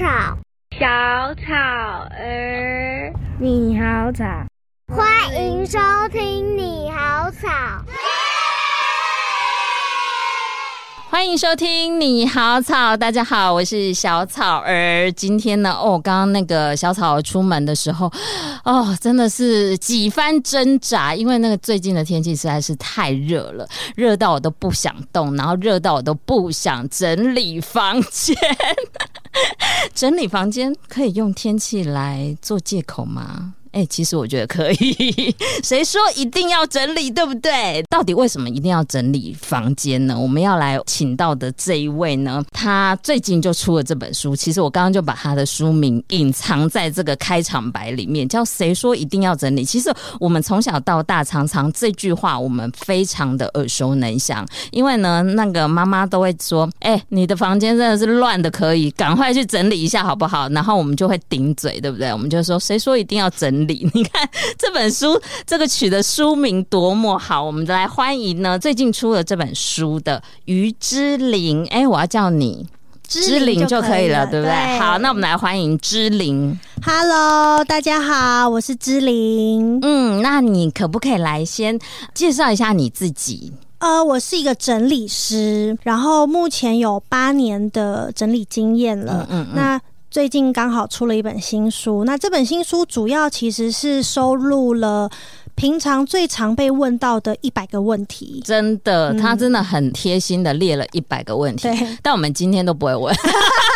草小草兒，你好草，歡迎收聽你好草。歡迎收聽，你好草，大家好，我是小草兒。今天呢，哦，剛剛那個小草兒出門的時候，哦，真的是幾番掙扎，因為那個最近的天氣實在是太熱了，熱到我都不想動，然後熱到我都不想整理房間。 整理房間可以用天氣來做借口嗎？哎、欸，其實我覺得可以。誰說一定要整理，對不對？到底為什麼一定要整理房間呢？我們要來請到的這一位呢，他最近就出了這本書。其實我剛剛就把他的書名隱藏在這個開場白裡面，叫“誰說一定要整理”。其實我們從小到大，常常這句話我們非常的耳熟能詳。因為呢，那個媽媽都會說：“哎、欸，你的房間真的是亂的，可以趕快去整理一下，好不好？”然後我們就會頂嘴，對不對？我們就說：“誰說一定要整理？”你看這本書這個取的書名多麼好，我們來歡迎呢，最近出了這本書的於之琳。哎、欸，我要叫你之琳、琳就可以了，對不對？對，好，那我們來歡迎之琳。Hello，大家好，我是之琳。嗯，那你可不可以來先介紹一下你自己？呃，我是一個整理師，然後目前有八年的整理經驗了。嗯嗯嗯。那最近剛好出了一本新書，那這本新書主要其實是收錄了平常最常被問到的一百個問題。真的，他真的很貼心的列了一百個問題，嗯、但我們今天都不會問。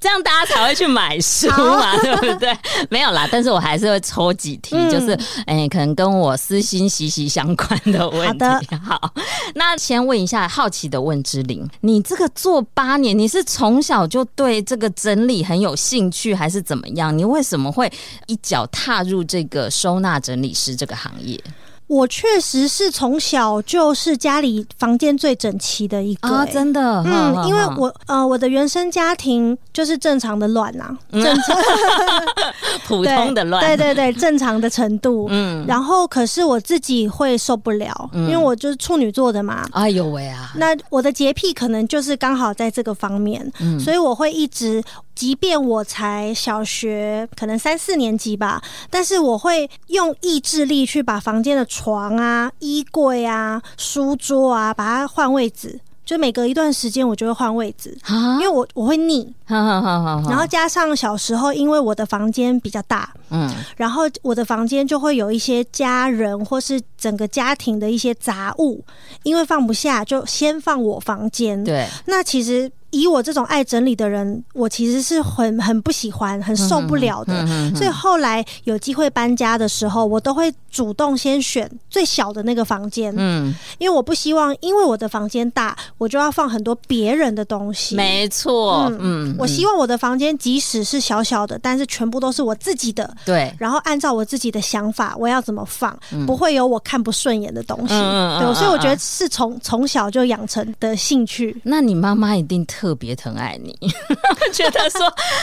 這樣大家才會去買書嘛，好 對不對？沒有啦，但是我還是會抽幾題，嗯、就是哎，可能跟我私心息息相關的問題。好，的 好，那先問一下好奇的問，之琳，你這個做八年，你是從小就對這個整理很有興趣，還是怎麼樣？你為什麼會一腳踏入這個收納整理師這個行業？我確實是從小就是家裡房間最整齊的一個，欸啊，真的。嗯，呵呵呵，因為我呃，我的原生家庭就是正常的亂吶，正常普通的亂，對對對，正常的程度。嗯，然後可是我自己會受不了，嗯，因為我就是處女座的嘛。哎呦喂啊！那我的潔癖可能就是剛好在這個方面，嗯，所以我會一直。即便我才小學，可能三四年級吧，但是我會用意志力去把房間的床啊、衣櫃啊、書桌啊，把它換位置。就每隔一段時間，我就會換位置，哈因為我我會膩。哈哈哈哈哈，然後加上小時候，因為我的房間比較大，嗯，然後我的房間就會有一些家人或是整個家庭的一些雜物，因為放不下，就先放我房間。對，那其實。以我這種愛整理的人，我其實是很很不喜歡、很受不了的。嗯嗯、所以後來有機會搬家的時候，我都會主動先選最小的那個房間。嗯，因為我不希望，因為我的房間大，我就要放很多別人的東西。沒錯，嗯，嗯嗯，我希望我的房間即使是小小的，但是全部都是我自己的。對，然後按照我自己的想法，我要怎麼放，嗯、不會有我看不順眼的東西。嗯、對，所以我覺得是從從、嗯、小就養成的興趣。那你媽媽一定特。特別疼愛你， 覺得說：“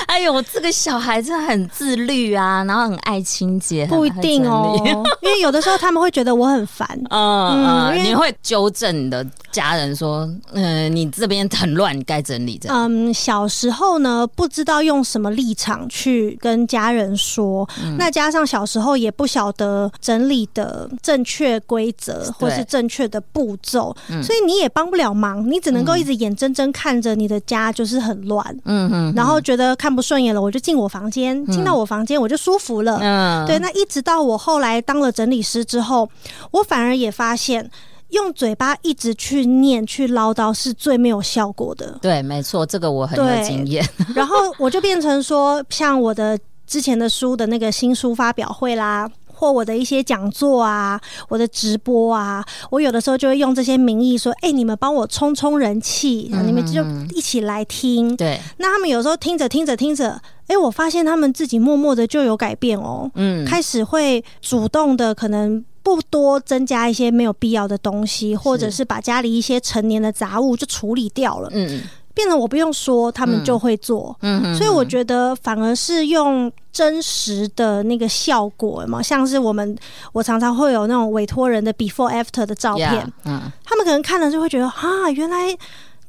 哎呦，我這個小孩子很自律啊，然後很愛清潔。”不一定哦， 因為有的時候他們會覺得我很煩啊。因為你會糾正你的家人說：“嗯、呃，你這邊很亂，該整理這樣。”嗯，小時候呢，不知道用什麼立場去跟家人說，嗯、那加上小時候也不曉得整理的正確規則或是正確的步驟，嗯、所以你也幫不了忙，你只能夠一直眼睜睜看着你、嗯。你的家就是很亂，嗯嗯，然後覺得看不順眼了，我就進我房間，嗯、進到我房間我就舒服了，嗯，對。那一直到我後來當了整理師之後，我反而也發現，用嘴巴一直去念去嘮叨是最沒有效果的。對，沒錯，這個我很有經驗。對，然後我就變成說，像我的之前的書的那個新書發表會啦。或我的一些講座啊，我的直播啊，我有的時候就會用這些名義說：“哎、欸，你們幫我衝衝人氣，嗯、哼你們就一起來聽。”對，那他們有時候聽着聽着聽着，哎、欸，我發現他們自己默默的就有改變哦，嗯，開始會主動的，可能不多增加一些沒有必要的東西，或者是把家裡一些陳年的雜物就處理掉了，嗯。變成，我不用說，他們就會做。嗯，嗯哼哼，所以我覺得反而是用真實的那個效果嘛，像是我們，我常常會有那種委托人的 before after 的照片。Yeah, 嗯。他們可能看了就會覺得啊，原來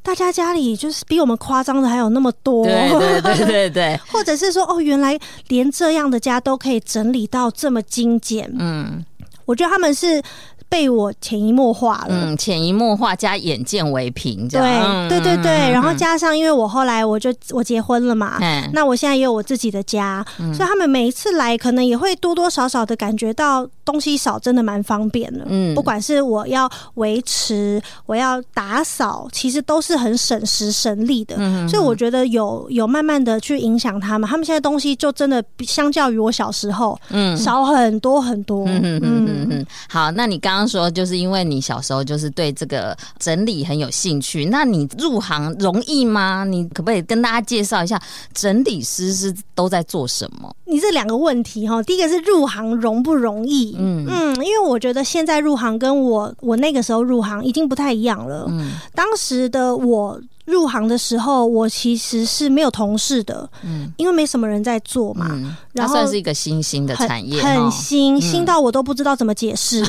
大家家裡就是比我們誇張的還有那麼多。對，對對對對。 或者是說哦，原來連這樣的家都可以整理到這麼精簡。嗯。我覺得他們是被我潛移默化了，嗯，潛移默化加眼見為憑，這樣對對對對。嗯嗯嗯，然後加上，因為我後來我就我結婚了嘛，嘿那我現在也有我自己的家，嗯、所以他們每一次來，可能也會多多少少的感覺到東西少，真的蠻方便的。嗯，不管是我要維持，我要打掃，其實都是很省時省力的。嗯嗯嗯，所以我覺得有有慢慢的去影響他們，他們現在東西就真的比相較於我小時候，嗯，少很多很多。嗯嗯。嗯哼，好，那你剛剛說就是因為你小時候就是對這個整理很有興趣，那你入行容易嗎？你可不可以跟大家介紹一下整理師是都在做什麼？你這兩個問題哈，第一個是入行容不容易？嗯嗯，因為我覺得現在入行跟我我那個時候入行已經不太一樣了。嗯，當時的我。入行的時候，我其實是沒有同事的，嗯，因為沒什麼人在做嘛。然後它算是一個新興的產業，很新，新到我都不知道怎麼解釋。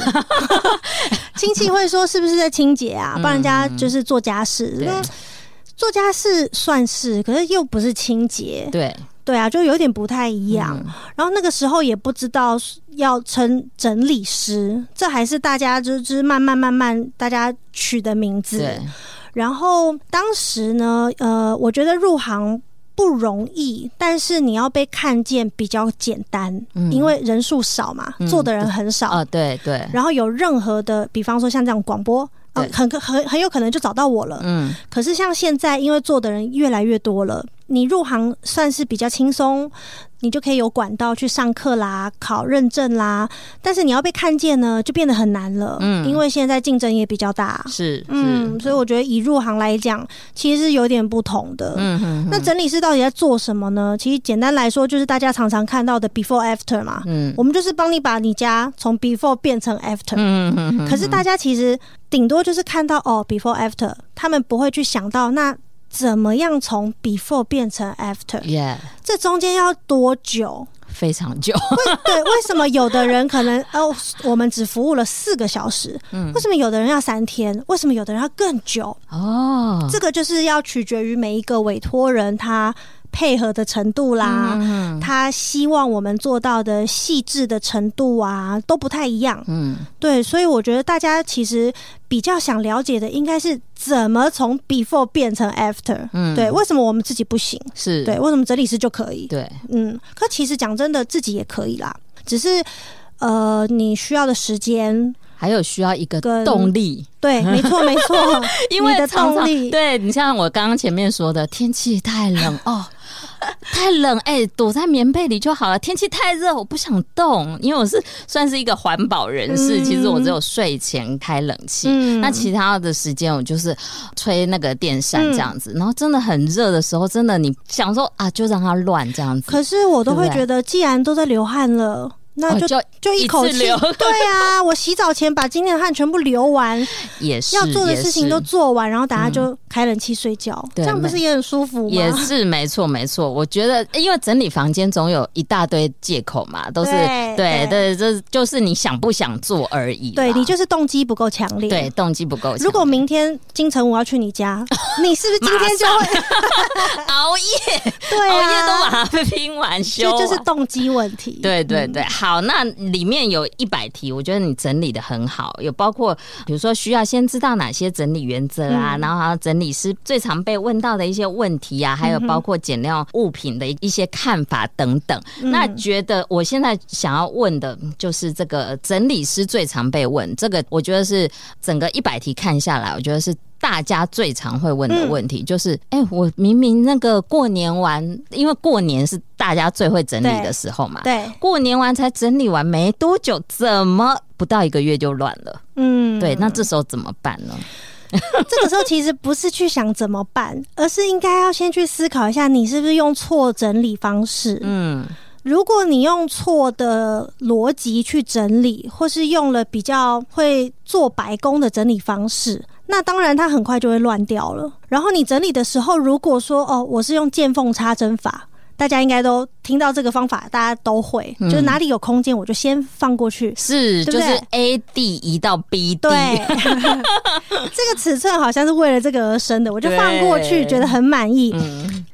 親戚會說是不是在清潔啊？幫人家就是做家事，做家事算是，可是又不是清潔。對對啊，就有點不太一樣。然後那個時候也不知道要稱整理師，這還是大家就是慢慢慢慢大家取的名字。對。然後當時呢，呃，我覺得入行不容易，但是你要被看見比較簡單，嗯、因為人數少嘛，嗯、做的人很少啊、哦，對對。然後有任何的，比方說像這樣廣播，呃、很很很，很有可能就找到我了，嗯對。可是像現在，因為做的人越來越多了。你入行算是比較輕鬆，你就可以有管道去上課啦、考認證啦。但是你要被看見呢，就變得很難了。嗯，因為現在競爭也比較大。是，是。嗯，所以我覺得以入行來講，其實是有點不同的。嗯哼哼。那整理師到底在做什麼呢？其實簡單來說，就是大家常常看到的 before after 嘛。嗯。我們就是幫你把你家從 before 變成 after。嗯哼哼哼。嗯嗯。可是大家其實頂多就是看到哦 before after，他們不會去想到那。怎麼樣從 before 變成 after？耶，Yeah. 這中間要多久？非常久。對，為什麼有的人可能 哦，我們只服務了四個小時，嗯，為什麼有的人要三天？為什麼有的人要更久？哦，Oh. 這個就是要取決於每一個委托人他。配合的程度啦，嗯、他希望我們做到的細緻的程度啊，都不太一樣。嗯，對，所以我覺得大家其實比較想了解的，應該是怎麼從 before 變成 after。嗯，對，為什麼我們自己不行？是對，為什麼整理師就可以？對，嗯，可其實講真的，自己也可以啦，只是呃，你需要的時間，還有需要一個動力。對，沒錯，沒錯，因為的動力，常常，對，你像我剛剛前面說的，天氣太冷哦。 太冷哎、欸，躲在棉被裡就好了。天氣太熱，我不想動，因為我是算是一個環保人士。嗯、其實我只有睡前開冷氣，嗯、那其他的時間我就是吹那個電扇這樣子。嗯、然後真的很熱的時候，真的你想說啊，就讓它亂這樣子。可是我都會覺得，既然都在流汗了，那就就一口氣對啊！我洗澡前把今天的汗全部流完，也是要做的事情都做完，然後大家就開冷氣睡覺，這樣不是也很舒服嗎？也是沒錯沒錯，我覺得因為整理房間總有一大堆借口嘛，都是對對，這就是你想不想做而已，對，你就是動機不夠強烈，對動機不夠強烈。如果明天清晨我要去你家，你是不是今天就會熬夜？熬夜都把它拼完休。這就是動機問題。對對對，好。好，那裡面有一百題，我覺得你整理得很好，有包括比如說需要先知道哪些整理原則啊，嗯、然後還有整理師最常被問到的一些問題啊，還有包括減量物品的一些看法等等。嗯、那覺得我現在想要問的就是這個整理師最常被問這個，我覺得是整個一百題看下來，我覺得是。大家最常會問的問題、嗯、就是：哎、欸，我明明那個過年完，因為過年是大家最會整理的時候嘛。對，對過年完才整理完沒多久，怎麼不到一個月就亂了？嗯，對，那這時候怎麼辦呢？這個時候其實不是去想怎麼辦， 而是應該要先去思考一下，你是不是用錯整理方式。嗯，如果你用錯的邏輯去整理，或是用了比較會做白工的整理方式。那當然，它很快就會亂掉了。然後你整理的時候，如果說哦，我是用見縫插針法，大家應該都聽到這個方法，大家都會，嗯、就是哪裡有空間我就先放過去，是，對不對？就是 A D 移到 B D，對 這個尺寸好像是為了這個而生的，我就放過去，覺得很滿意。對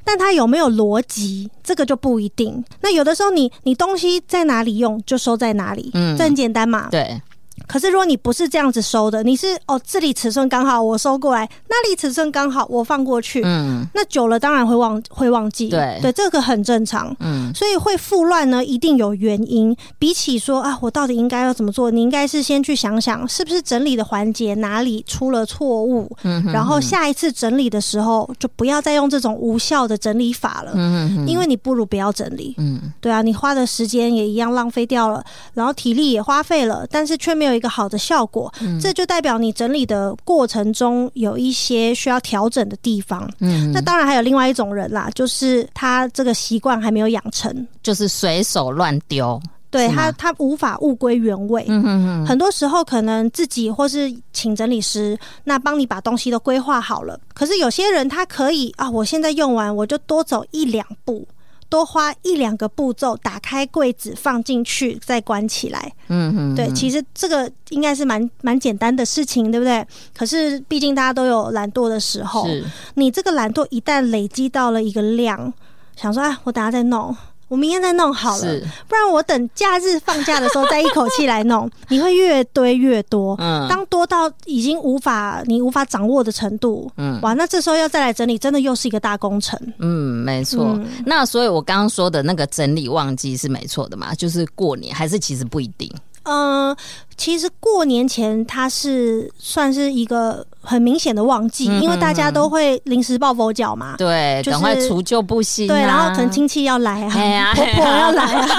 但它有沒有邏輯，這個就不一定。那有的時候你，你你東西在哪裡用，就收在哪裡，嗯、這很簡單嘛。對。可是如果你不是這樣子收的，你是哦，這裡尺寸剛好我收過來，那裡尺寸剛好我放過去，嗯，那久了當然會忘會忘記，對對，這個很正常，嗯，所以會復亂呢，一定有原因。比起說啊，我到底應該要怎麼做？你應該是先去想想，是不是整理的環節哪裡出了錯誤？嗯哼哼，然後下一次整理的時候，就不要再用這種無效的整理法了，嗯哼哼，因為你不如不要整理，嗯，對啊，你花的時間也一樣浪費掉了，然後體力也花費了，但是卻沒有。有一個好的效果，嗯，這就代表你整理的過程中有一些需要調整的地方。嗯，那當然還有另外一種人啦，就是他這個習慣還沒有養成，就是隨手亂丟，對嗎他他無法物歸原位。嗯哼哼，很多時候可能自己或是請整理師，那幫你把東西都規劃好了。可是有些人他可以啊，哦，我現在用完我就多走一兩步。多花一兩個步驟，打開櫃子放進去，再關起來。嗯嗯，對，其實這個應該是蠻蠻簡單的事情，對不對？可是畢竟大家都有懶惰的時候，是你這個懶惰一旦累積到了一個量，想說啊，我等下再弄。我明天再弄好了，是不然我等假日放假的時候再一口氣來弄， 你會越堆越多。嗯，當多到已經無法你無法掌握的程度，嗯，哇，那這時候要再來整理，真的又是一個大工程。嗯，沒錯。嗯、那所以，我剛剛說的那個整理旺季是沒錯的嘛？就是過年，還是其實不一定？嗯、呃。其實過年前它是算是一個很明顯的旺季，因為大家都會臨時抱佛腳嘛，對，趕快除舊布新，對，然後可能親戚要來啊，婆婆要來啊，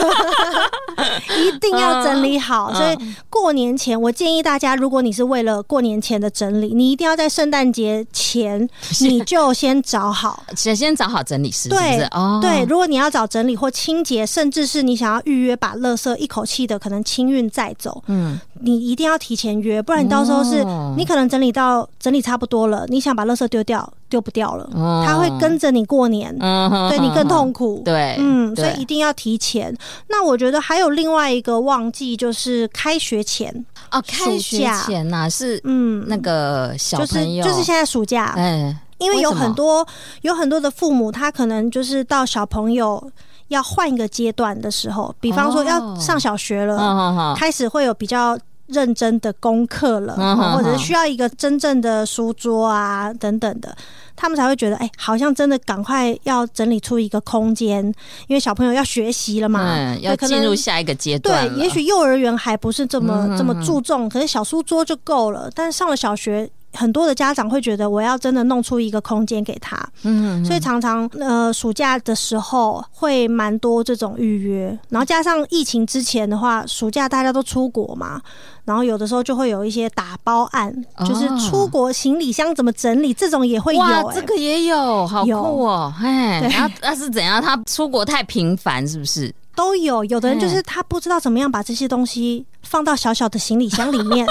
一定要整理好。所以過年前，我建議大家，如果你是為了過年前的整理，你一定要在聖誕節前你就先找好，先先找好整理師，對，哦，對，如果你要找整理或清潔，甚至是你想要預約把垃圾一口氣的可能清運再走，嗯。你一定要提前約，不然你到時候是，你可能整理到整理差不多了，嗯、你想把垃圾丟掉，丟不掉了。他、嗯、會跟着你過年，嗯、哼對你更痛苦。嗯、對，嗯，所以一定要提前。對那我覺得還有另外一個旺季就是開學前啊，開學前啊是，嗯，那個小朋友、嗯就是、就是現在暑假，嗯，為因為有很多有很多的父母，他可能就是到小朋友。要換一個階段的時候，比方說要上小學了，oh, oh, oh, oh. 開始會有比較認真的功課了，oh, oh, oh. 或者是需要一個真正的書桌啊等等的，他們才會覺得，哎、欸，好像真的趕快要整理出一個空間，因為小朋友要學習了嘛，嗯、要進入下一個階段。對，也許幼兒園還不是這麼、嗯、哼哼這麼注重，可是小書桌就夠了，但是上了小學。很多的家長會覺得，我要真的弄出一個空間給他，嗯，所以常常呃，暑假的時候會蠻多這種預約，然後加上疫情之前的話，暑假大家都出國嘛，然後有的時候就會有一些打包案，就是出國行李箱怎麼整理，這種也會有，哇，這個也有，好酷哦，哎，然後但是怎樣？他出國太頻繁是不是？都有，有，有的人就是他不知道怎麼樣把這些東西放到小小的行李箱裡面。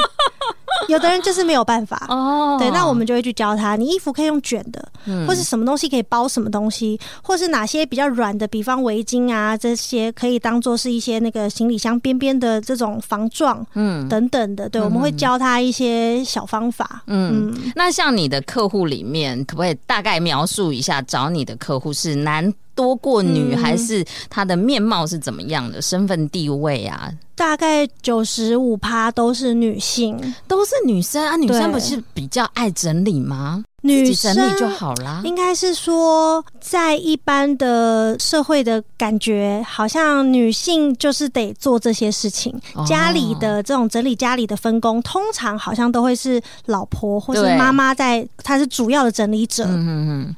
有的人就是沒有辦法哦，oh, 對，那我們就會去教他，你衣服可以用捲的，或者什麼東西可以包什麼東西，嗯，或是哪些比較軟的，比方圍巾啊這些，可以當做是一些那個行李箱邊邊的這種防撞，嗯，等等的，對，我們會教他一些小方法。嗯，嗯嗯，那像你的客戶裡面，可不可以大概描述一下，找你的客戶是男？多過女，嗯、還是她的面貌是怎麼樣的，身份地位啊？大概九十五趴都是女性，都是女生對啊。女生不是比較愛整理嗎？女生整理就好啦。應該是說，在一般的社會的感覺，好像女性就是得做這些事情，哦、家裡的這種整理，家裡的分工，通常好像都會是老婆或者媽媽在，對她是主要的整理者。嗯嗯。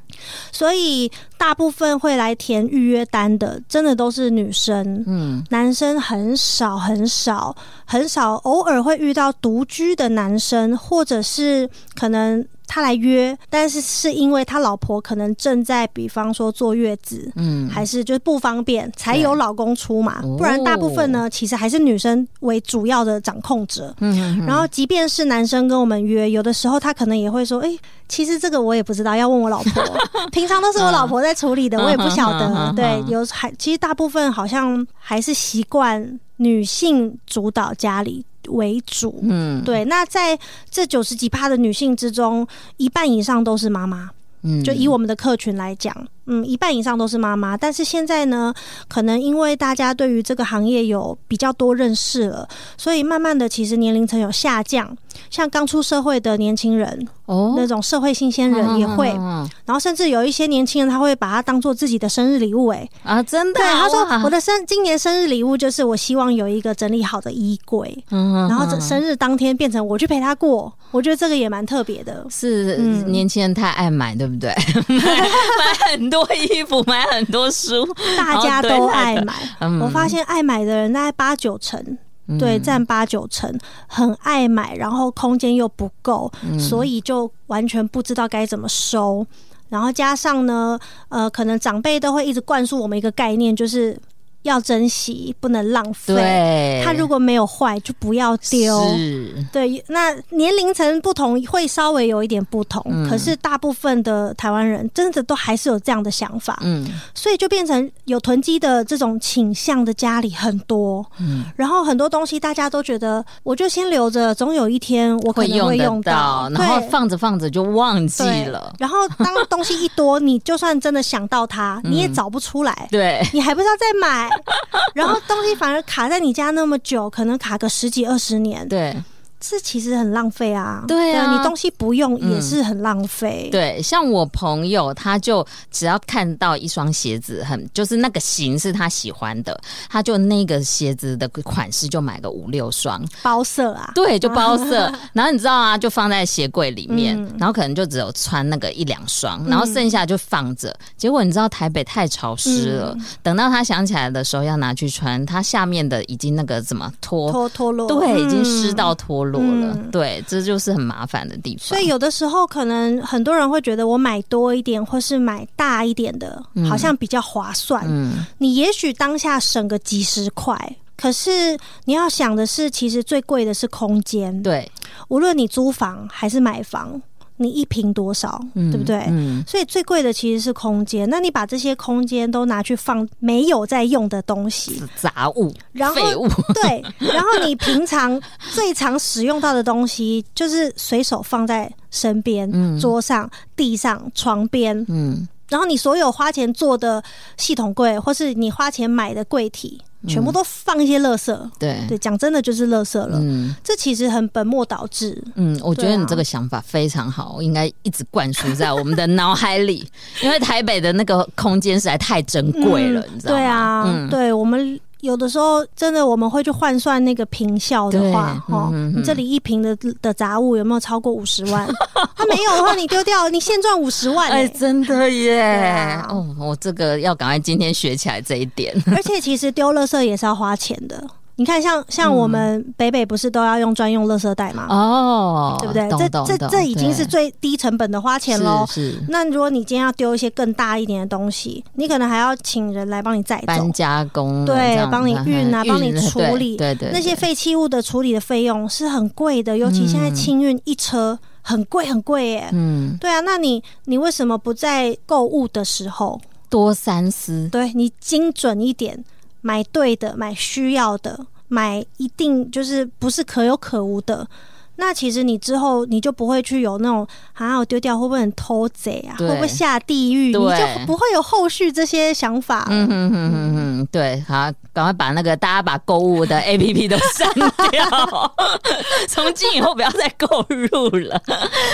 所以大部分會來填預約單的，真的都是女生。嗯，男生很少，很少，很少，很少，偶爾會遇到獨居的男生，或者是可能。他來約，但是是因為他老婆可能正在，比方說坐月子，嗯，還是就是不方便，才有老公出嘛。對不然大部分呢，哦、其實還是女生為主要的掌控者。嗯，嗯，然後即便是男生跟我們約，有的時候他可能也會說：“哎、欸，其實這個我也不知道，要問我老婆。 平常都是我老婆在處理的， 我也不曉得。” 對，有還其實大部分好像還是習慣女性主導家裡為主，嗯，對。那在這九十幾趴的女性之中，一半以上都是媽媽，嗯，就以我們的客群來講。嗯，一半以上都是媽媽，但是現在呢，可能因為大家對於這個行業有比較多認識了，所以慢慢的其實年齡層有下降。像剛出社會的年輕人，哦，那種社會新鮮人也會。啊啊啊、然後甚至有一些年輕人，他會把它當做自己的生日禮物、欸，哎啊，真的，對他說我的生哇今年生日禮物就是我希望有一個整理好的衣櫃，嗯、啊，啊、然後這生日當天變成我去陪他過，我覺得這個也蠻特別的。是、嗯、年輕人太愛買，對不對？ 買，買很多。多衣服，買很多書，那個，大家都愛買。嗯、我發現愛買的人大概八九成，對，佔八九成，很愛買。然後空間又不夠，所以就完全不知道該怎麼收。然後加上呢，呃，可能長輩都會一直灌輸我們一個概念，就是。要珍惜，不能浪費。對它如果沒有壞，就不要丟。是對。那年齡層不同，會稍微有一點不同。嗯、可是大部分的台灣人，真的都還是有這樣的想法。嗯。所以就變成有囤積的這種傾向的家裡很多。嗯、然後很多東西，大家都覺得，我就先留着，總有一天我可能會用到。用到然後放着放着就忘記了。然後當東西一多， 你就算真的想到它，你也找不出來。嗯、對。你還不知道再買。 然後東西反而卡在你家那麼久，可能卡個十幾二十年。對。是，其實很浪費啊！對啊對，你東西不用也是很浪費，嗯。對，像我朋友，他就只要看到一雙鞋子很，很就是那個型是他喜歡的，他就那個鞋子的款式就買個五六雙包色啊。對，就包色。啊，然後你知道啊，就放在鞋櫃裡面，嗯、然後可能就只有穿那個一兩雙，然後剩下就放着。結果你知道台北太潮濕了，嗯、等到他想起來的時候要拿去穿，他下面的已經那個怎麼脫脫脫落？脫脫對，已經濕到脫落。嗯嗯嗯、對，這就是很麻煩的地方。所以有的時候，可能很多人會覺得我買多一點，或是買大一點的，嗯、好像比較划算。嗯、你也許當下省個幾十塊，可是你要想的是，其實最貴的是空間。對，無論你租房還是買房。你一平多少？嗯、對不對？嗯、所以最貴的其實是空間。那你把這些空間都拿去放沒有在用的東西、雜物、然後廢物，對。 然後你平常最常使用到的東西，就是隨手放在身邊、嗯、桌上、地上、床邊。嗯。然後你所有花錢做的系統櫃，或是你花錢買的櫃體。全部都放一些垃圾、嗯，對對，講真的就是垃圾了。嗯，這其實很本末倒置。嗯，我覺得你這個想法非常好，應該一直灌輸在我們的腦海裡， 因為台北的那個空間實在太珍貴了，嗯、你知道嗎？對啊，嗯、對我們。有的時候，真的我們會去換算那個坪效的話，嗯、哦，你這裡一坪的的雜物有沒有超過五十萬？它 沒有的話你，你丟掉，你現賺五十萬、欸。哎，真的耶！啊、哦，我這個要趕快今天學起來這一點。而且，其實丟垃圾也是要花錢的。你看，像像我們北北不是都要用專用垃圾袋嘛？哦，對不對？這這這已經是最低成本的花錢嘍。是。那如果你今天要丟一些更大一點的東西，你可能還要請人來幫你載走，搬家工對，幫你運啊，幫你處理。對對。那些廢棄物的處理的費用是很貴的，尤其現在清運一車很貴很貴耶。嗯。對啊，那你你為什麼不在購物的時候多三思？對你精準一點。買對的，買需要的，買一定就是不是可有可無的。那其實你之後你就不會去有那種還、啊、我丟掉會不會很偷賊啊對會不會下地獄？對你就不會有後續這些想法、啊。嗯嗯嗯嗯嗯，對，好，趕快把那個大家把購物的 APP 都刪掉，從 今以後不要再購入了。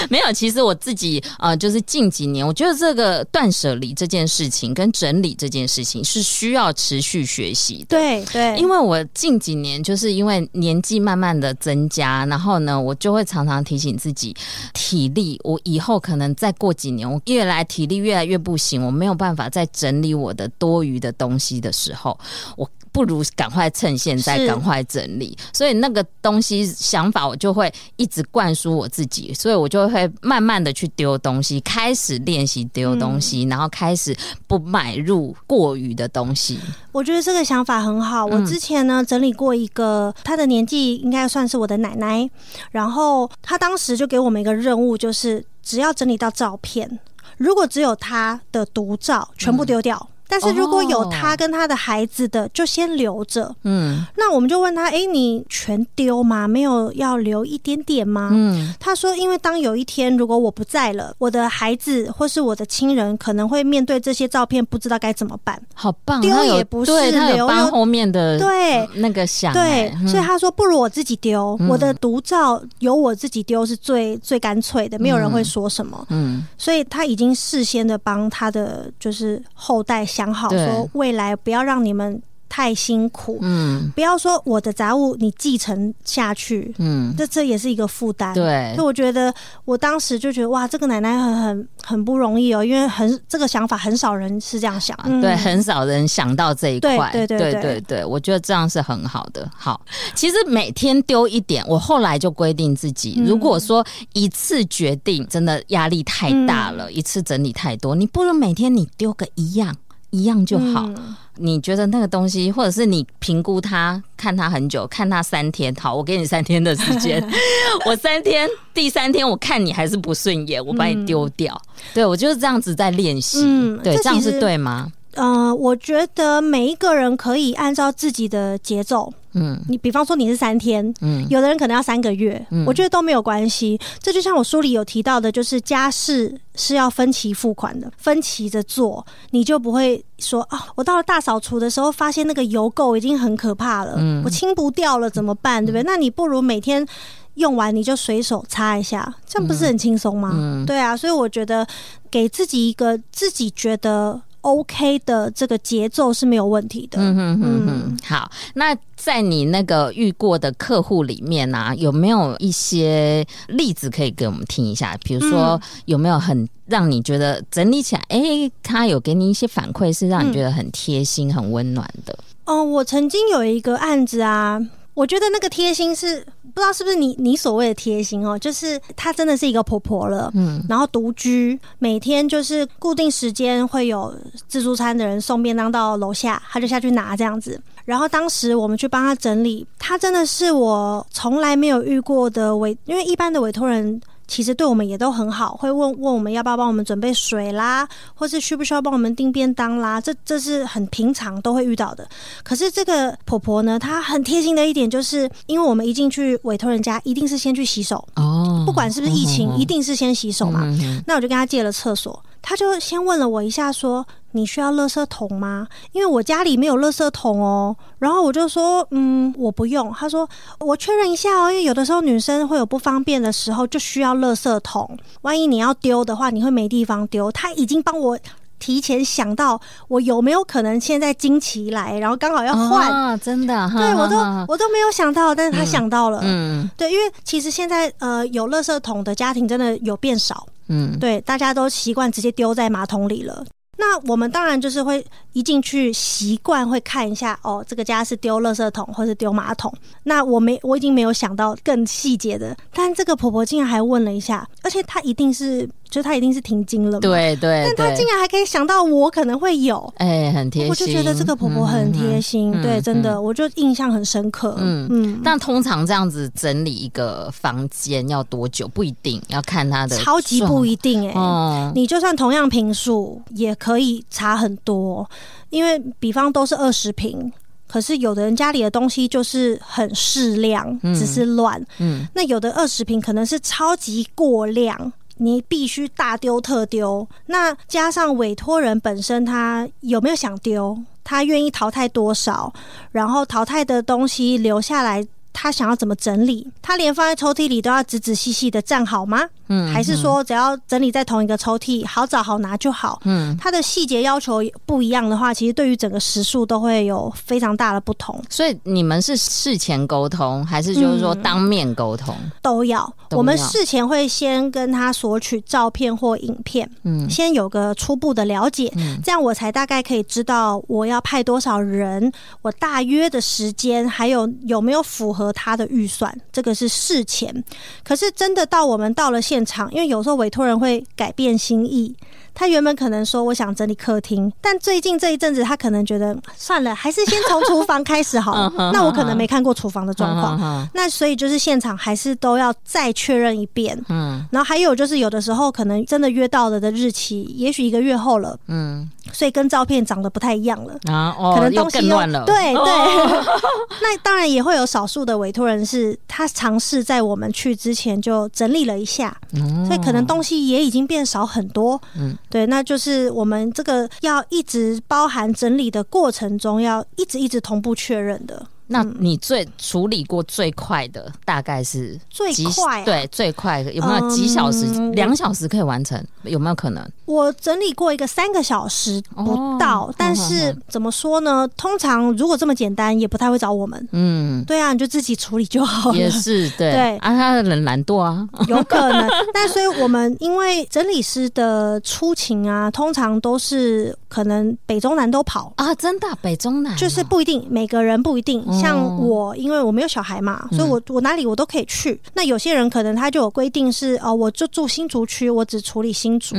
沒有，其實我自己呃，就是近幾年我覺得這個斷舍離這件事情跟整理這件事情是需要持續學習的。對對，對因為我近幾年就是因為年紀慢慢的增加，然後呢我。我就會常常提醒自己，體力。我以後可能再過幾年，我越來體力越來越不行，我沒有辦法再整理我的多餘的東西的時候，我。不如趕快趁現在趕快整理，是所以那個東西想法我就會一直灌輸我自己，所以我就會慢慢的去丟東西，開始練習丟東西，嗯、然後開始不買入過於的東西。我覺得這個想法很好。嗯、我之前呢整理過一個，她的年紀應該算是我的奶奶，然後她當時就給我們一個任務，就是只要整理到照片，如果只有她的獨照，全部丟掉。嗯但是如果有他跟他的孩子的，哦、就先留着。嗯，那我們就問他，哎、欸，你全丟嗎？沒有要留一點點嗎？嗯，他說，因為當有一天如果我不在了，我的孩子或是我的親人可能會面對這些照片，不知道該怎麼辦。好棒，丟也不是，他有幫後面的有對那個想，欸，嗯、對，所以他說不如我自己丟，嗯、我的獨照由我自己丟是最最乾脆的，沒有人會說什麼。嗯，所以他已經事先的幫他的就是後代想。想好，對，說未來不要讓你們太辛苦，嗯，不要說我的雜物你繼承下去，嗯，這這也是一個負擔，對。所以我覺得我當時就覺得哇，這個奶奶很很很不容易哦、喔，因為很這個想法很少人是這樣想，對，很少人想到這一塊，對對對，對，對對對，我覺得這樣是很好的。好，其實每天丟一點，我後來就規定自己，如果說一次決定真的壓力太大了，嗯、一次整理太多，你不如每天你丟個一樣。一樣就好。嗯、你覺得那個東西，或者是你評估他，看他很久，看他三天，好，我給你三天的時間。 我三天，第三天我看你還是不順眼，我把你丟掉。嗯、對，我就是這樣子在練習。嗯、對，這，這樣是對嗎？嗯、呃，我覺得每一個人可以按照自己的節奏。嗯，你比方說你是三天，嗯，有的人可能要三個月，嗯，我覺得都沒有關係。這就像我書裡有提到的，就是家事是要分期付款的，分期着做，你就不會說啊，我到了大掃除的時候，發現那個油垢已經很可怕了，嗯，我清不掉了怎麼辦？嗯，對不對？那你不如每天用完你就隨手擦一下，這樣不是很輕鬆嗎？嗯，嗯，對啊，所以我覺得給自己一個自己覺得 OK 的這個節奏是沒有問題的。嗯嗯嗯嗯，好。那在你那個遇過的客戶裡面呢，啊，有沒有一些例子可以給我們聽一下？比如說有沒有很讓你覺得整理起來？哎，嗯欸，他有給你一些反饋，是讓你覺得很貼心、嗯、很溫暖的？哦，呃，我曾經有一個案子啊。我覺得那個貼心是不知道是不是你你所謂的貼心哦，就是她真的是一個婆婆了，嗯，然後獨居，每天就是固定時間會有自助餐的人送便當到樓下，她就下去拿這樣子。然後當時我們去幫她整理，她真的是我從來沒有遇過的委，因為一般的委託人。其實對我們也都很好，會問問我們要不要幫我們準備水啦，或是需不需要幫我們訂便當啦，這這是很平常都會遇到的。可是這個婆婆呢，她很貼心的一點就是，因為我們一進去委托人家，一定是先去洗手哦，不管是不是疫情，哦、一定是先洗手嘛。嗯、那我就跟她借了廁所，她就先問了我一下說。你需要垃圾桶嗎？因為我家裡沒有垃圾桶哦。然後我就說，嗯，我不用。他說，我確認一下哦，因為有的時候女生會有不方便的時候，就需要垃圾桶。萬一你要丟的話，你會沒地方丟。他已經幫我提前想到，我有沒有可能現在經期來，然後剛好要換，哦、真的，哈哈哈哈，對我都我都沒有想到，但是他想到了。嗯，嗯對，因為其實現在呃，有垃圾桶的家庭真的有變少。嗯，對，大家都習慣直接丟在馬桶裡了。那我們當然就是會一進去習慣會看一下哦，這個家是丟垃圾桶或是丟馬桶。那我沒我已經沒有想到更細節的，但這個婆婆竟然還問了一下，而且她一定是。就他一定是停經了嘛？對對，對，但他竟然還可以想到我可能會有，哎，很貼心。我就覺得這個婆婆很貼心，嗯啊、對，真的，嗯嗯、我就印象很深刻。嗯嗯、嗯、但通常這樣子整理一個房間要多久？不一定，要看她的，超級不一定哎、欸。嗯、你就算同樣平數，也可以差很多，因為比方都是二十平，可是有的人家裡的東西就是很適量，只是亂，嗯，那有的二十平可能是超級過量。你必須大丟特丟，那加上委托人本身，他有沒有想丟？他願意淘汰多少？然後淘汰的東西留下來，他想要怎麼整理？他連放在抽屜裡都要仔仔細細的站好嗎？還是說，只要整理在同一個抽屜，好找好拿就好。嗯，它的細節要求不一樣的話，其實對於整個時數都會有非常大的不同。所以你們是事前溝通，還是就是說當面溝通？嗯、都要。都要，我們事前會先跟他索取照片或影片，嗯，先有個初步的了解，嗯、這樣我才大概可以知道我要派多少人，嗯、我大約的時間，還有有沒有符合他的預算。這個是事前，可是真的到我們到了現因為有時候委托人會改變心意。他原本可能說，我想整理客廳，但最近這一陣子他可能覺得算了，還是先從廚房開始好了。 oh, 那我可能沒看過廚房的狀況，oh, oh, oh. 那所以就是現場還是都要再確認一遍。嗯，然後還有就是有的時候可能真的約到了的日期，也許一個月後了，嗯，所以跟照片長得不太一樣了啊，oh, 可能東西又又更亂了。對對，對 oh. 那當然也會有少數的委托人是他嘗試在我們去之前就整理了一下，嗯，所以可能東西也已經變少很多，嗯。對，那就是我們這個要一直包含整理的過程中，要一直一直同步確認的。那你最處理過最快的大概是最快？對，最快的有沒有幾小時？兩小時可以完成？有沒有可能？我整理過一個三個小時不到，但是怎麼說呢？通常如果這麼簡單，也不太會找我們。嗯，對啊，你就自己處理就好了。也是對，對，啊，他的人懶惰啊，有可能。但所以我們因為整理師的出勤啊，通常都是。可能北中南都跑啊，真的北中南就是不一定每個人不一定，像我，因為我沒有小孩嘛，所以我我哪裡我都可以去。那有些人可能他就有規定是哦，我就住新竹區，我只處理新竹。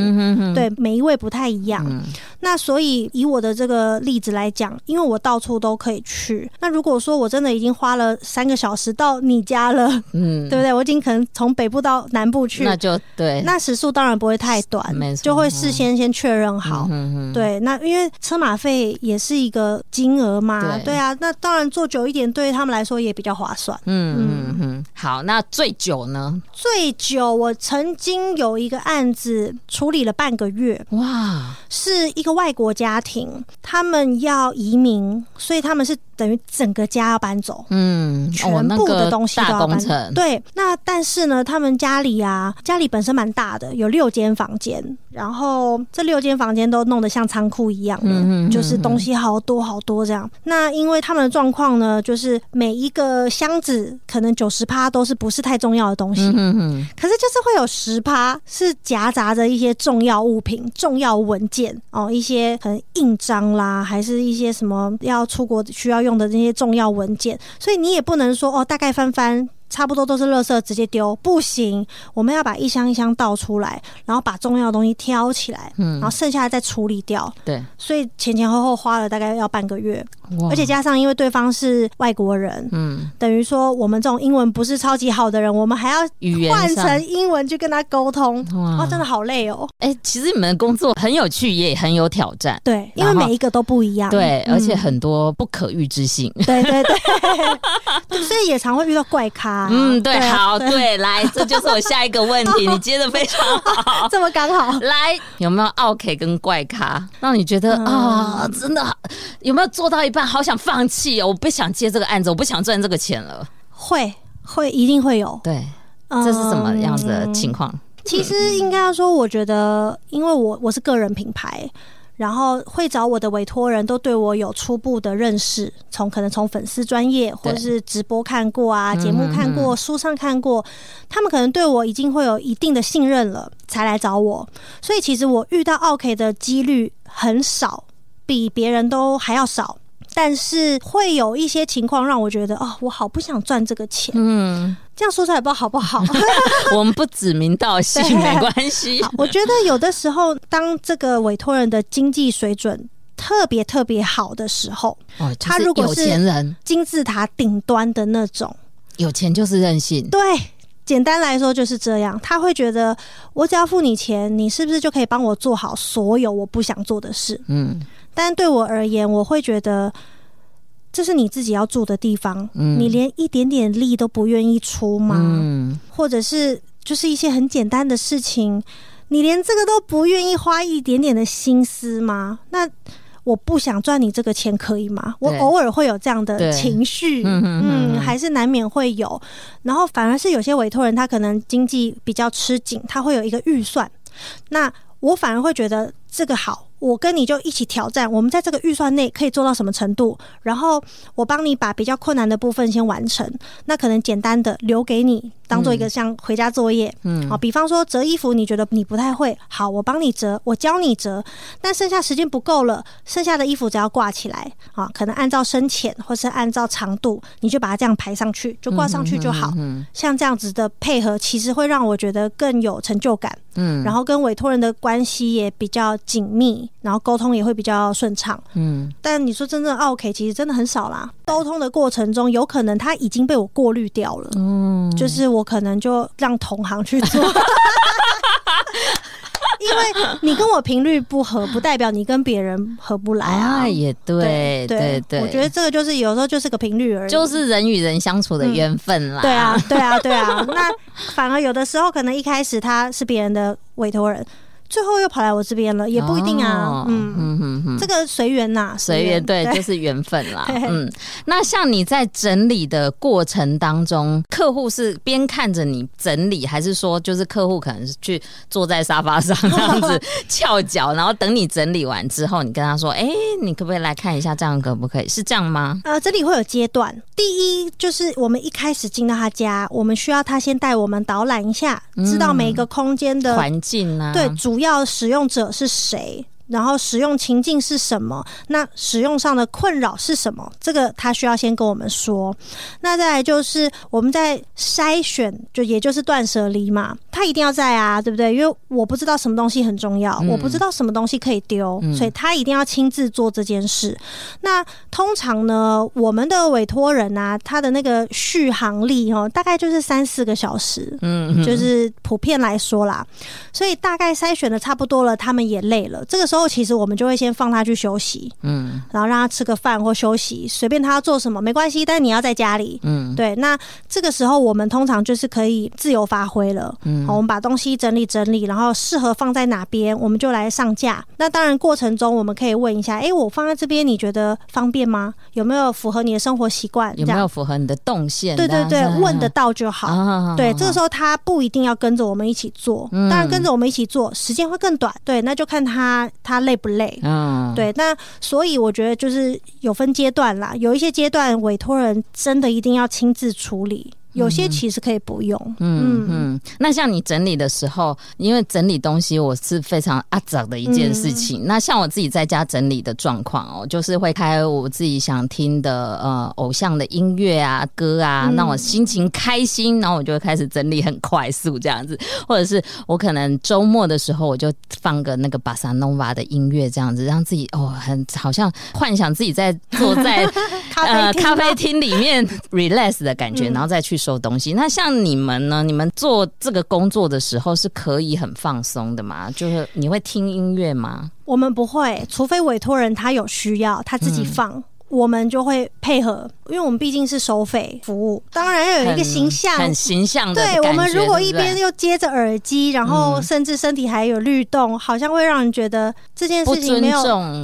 對，每一位不太一樣。那所以以我的這個例子來講，因為我到處都可以去，那如果說我真的已經花了三個小時到你家了，嗯， 對不對？我已經可能從北部到南部去，那就對。那時數當然不會太短，就會事先先確認好。嗯對。那因為車馬費也是一個金額嘛，對，對啊，那當然做久一點，對於他們來說也比較划算。嗯嗯嗯，嗯好，那最久呢？最久，我曾經有一個案子處理了半個月。哇，是一個外國家庭，他們要移民，所以他們是。等於整個家要搬走，嗯，全部的東西都要搬走。哦，那個大工程。對，那但是呢，他們家裡啊，家裡本身蠻大的，有六間房間，然後這六間房間都弄得像倉庫一樣，嗯嗯，就是東西好多好多這樣。那因為他們的狀況呢，就是每一個箱子可能九十趴都是不是太重要的東西，嗯嗯，可是就是會有十趴是夾雜着一些重要物品、重要文件哦，一些可能印章啦，還是一些什麼要出國需要，用的那些重要文件，所以你也不能說哦，大概翻翻。差不多都是垃圾，直接丟不行。我們要把一箱一箱倒出來，然後把重要的東西挑起來，嗯，然後剩下的再處理掉。對，所以前前後後花了大概要半個月，哇，而且加上因為對方是外國人，嗯，等於說我們這種英文不是超級好的人，我們還要語言換成英文去跟他溝通，哇，真的好累哦。哎、欸，其實你們的工作很有趣，也很有挑戰。對，因為每一個都不一樣，對，嗯、而且很多不可預知性。對對對， 所以也常會遇到怪咖。嗯，對，好，對，來，這就是我下一個問題， 哦、你接的非常好，這麼剛好。來，有沒有奧客跟怪咖？讓你覺得啊、嗯哦，真的有沒有做到一半，好想放棄哦？我不想接這個案子，我不想賺這個錢了會。會會一定會有，對，這是什麼樣子的情況、嗯？其實應該說，我覺得，因為我我是個人品牌。然後會找我的委託人都對我有初步的認識，從可能從粉絲專頁或者是直播看過啊，對節目看過、嗯嗯書上看過，他們可能對我已經會有一定的信任了，才來找我。所以其實我遇到 OK 的幾率很少，比別人都還要少。但是會有一些情況讓我覺得，哦，我好不想賺這個錢。嗯。這樣說出來不知道好不好， 我們不指名道姓沒關係。我覺得有的時候，當這個委托人的經濟水準特別特別好的時候，他如果是有錢人，他金字塔頂端的那種，有錢就是任性。對，簡單來說就是這樣，他會覺得我只要付你錢，你是不是就可以幫我做好所有我不想做的事？嗯，但對我而言，我會覺得。這是你自己要住的地方，嗯、你連一點點力都不願意出嗎？嗯、或者是就是一些很簡單的事情，你連這個都不願意花一點點的心思嗎？那我不想賺你這個錢可以嗎？我偶爾會有這樣的情緒，呵呵呵嗯，還是難免會有。然後反而是有些委托人，他可能經濟比較吃緊，他會有一個預算，那我反而會覺得這個好。我跟你就一起挑戰，我們在這個預算內可以做到什麼程度？然後我幫你把比較困難的部分先完成，那可能簡單的留給你當做一個像回家作業。嗯，嗯啊，比方說折衣服，你覺得你不太會，好，我幫你折，我教你折。但剩下時間不夠了，剩下的衣服只要掛起來啊，可能按照深淺或是按照長度，你就把它這樣排上去，就掛上去就好。嗯嗯嗯，像這樣子的配合，其實會讓我覺得更有成就感。嗯，然後跟委托人的關係也比較緊密。然後溝通也會比較順暢，嗯，但你說真正 OK，啊，其實真的很少啦。溝通的過程中，有可能他已經被我過濾掉了，嗯，就是我可能就讓同行去做， 因為你跟我頻率不合，不代表你跟別人合不來啊。哎，也對，對，對對，對，我覺得這個就是有時候就是個頻率而已，就是人與人相處的緣分啦，嗯。對啊，對啊，對啊。 那反而有的時候，可能一開始他是別人的委托人。最後又跑來我這邊了，也不一定啊。嗯嗯嗯嗯，嗯這個隨緣吶，隨緣對，對就是緣分啦。對 嗯，那像你在整理的過程當中，對 客戶是邊看着你整理，還是說就是客戶可能是去坐在沙發上這樣子翹腳，然後等你整理完之後，你跟他說：“哎、 欸，你可不可以來看一下這樣可不可以？”是這樣嗎？啊、呃，這裡會有階段。第一就是我們一開始進到他家，我們需要他先帶我們導覽一下，嗯、知道每一個空間的環境啊，對，主要。要使用者是誰？然後使用情境是什麼？那使用上的困擾是什麼？這個他需要先跟我們說。那再來就是我們在篩選，就也就是斷捨離嘛，他一定要在啊，對不對？因為我不知道什麼東西很重要，我不知道什麼東西可以丟，嗯、所以他一定要親自做這件事。嗯、那通常呢，我們的委托人啊，他的那個續航力哦，大概就是三四個小時，嗯哼哼，就是普遍來說啦。所以大概篩選的差不多了，他們也累了，這個。之後，其實我們就會先放他去休息，嗯，然後讓他吃個飯或休息，隨便他要做什麼沒關係，但是你要在家裡，嗯，對。那這個時候我們通常就是可以自由發揮了，嗯好，我們把東西整理整理，然後適合放在哪邊，我們就來上架。那當然過程中我們可以問一下，哎，我放在這邊你覺得方便嗎？有沒有符合你的生活習慣？有沒有符合你的動線的、啊？對對對，問得到就好。啊啊啊、對，這個時候他不一定要跟着我們一起做，嗯、當然跟着我們一起做時間會更短。對，那就看他。他累不累？嗯，對，那所以我覺得就是有分階段啦，有一些階段委託人真的一定要親自處理。有些其實可以不用。嗯嗯，嗯，那像你整理的時候，因為整理東西我是非常阿宅的一件事情。嗯、那像我自己在家整理的狀況哦，就是會開我自己想聽的呃偶像的音樂啊歌啊，讓我心情開心，然後我就開始整理很快速這樣子。或者是我可能周末的時候，我就放個那個巴薩諾瓦的音樂這樣子，讓自己哦很好像幻想自己在坐在呃 咖啡廳咖啡廳、呃、裡面 relax 的感覺，然後再去。收東西，那像你們呢？你們做這個工作的時候是可以很放鬆的嗎？就是你會聽音樂嗎？我們不會，除非委托人他有需要，他自己放。嗯我們就會配合，因為我們畢竟是收費服務，當然要有一個形象，很形象。對，我們如果一邊又接着耳機，然後甚至身體還有律動，好像會讓人覺得這件事情沒有，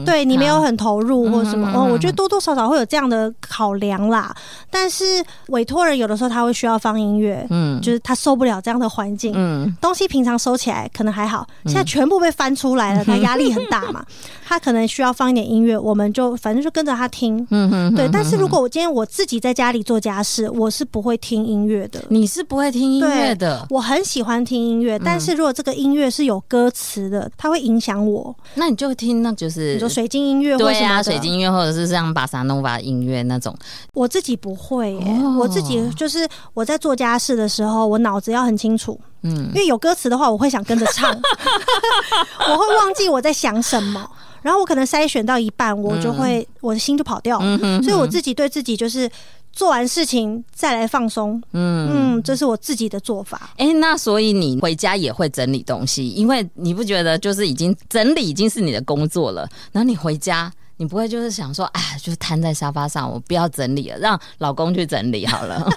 對，你沒有很投入或什麼。哦，我覺得多多少少會有這樣的考量啦。但是委託人有的時候他會需要放音樂，嗯，就是他受不了這樣的環境，嗯，東西平常收起來可能還好，現在全部被翻出來了，他壓力很大嘛，他可能需要放一點音樂，我們就反正就跟着他聽。嗯哼， 對。但是如果我今天我自己在家裡做家事，我是不會聽音樂的。你是不會聽音樂的。我很喜歡聽音樂，嗯、但是如果這個音樂是有歌詞的，它會影響我。那你就聽，那就是你說水晶音樂，對啊，水晶音樂，或者是這樣巴薩諾瓦音樂那種。我自己不會、欸，oh、我自己就是我在做家事的時候，我腦子要很清楚。嗯，因為有歌詞的話，我會想跟着唱， 我會忘記我在想什麼。然後我可能篩選到一半，我就會、嗯、我的心就跑掉、嗯、哼哼，所以我自己對自己就是做完事情再來放鬆。嗯嗯，這是我自己的做法。哎、欸，那所以你回家也會整理東西，因為你不覺得就是已經整理已經是你的工作了？然後你回家你不會就是想說，哎，就癱在沙發上，我不要整理了，讓老公去整理好了。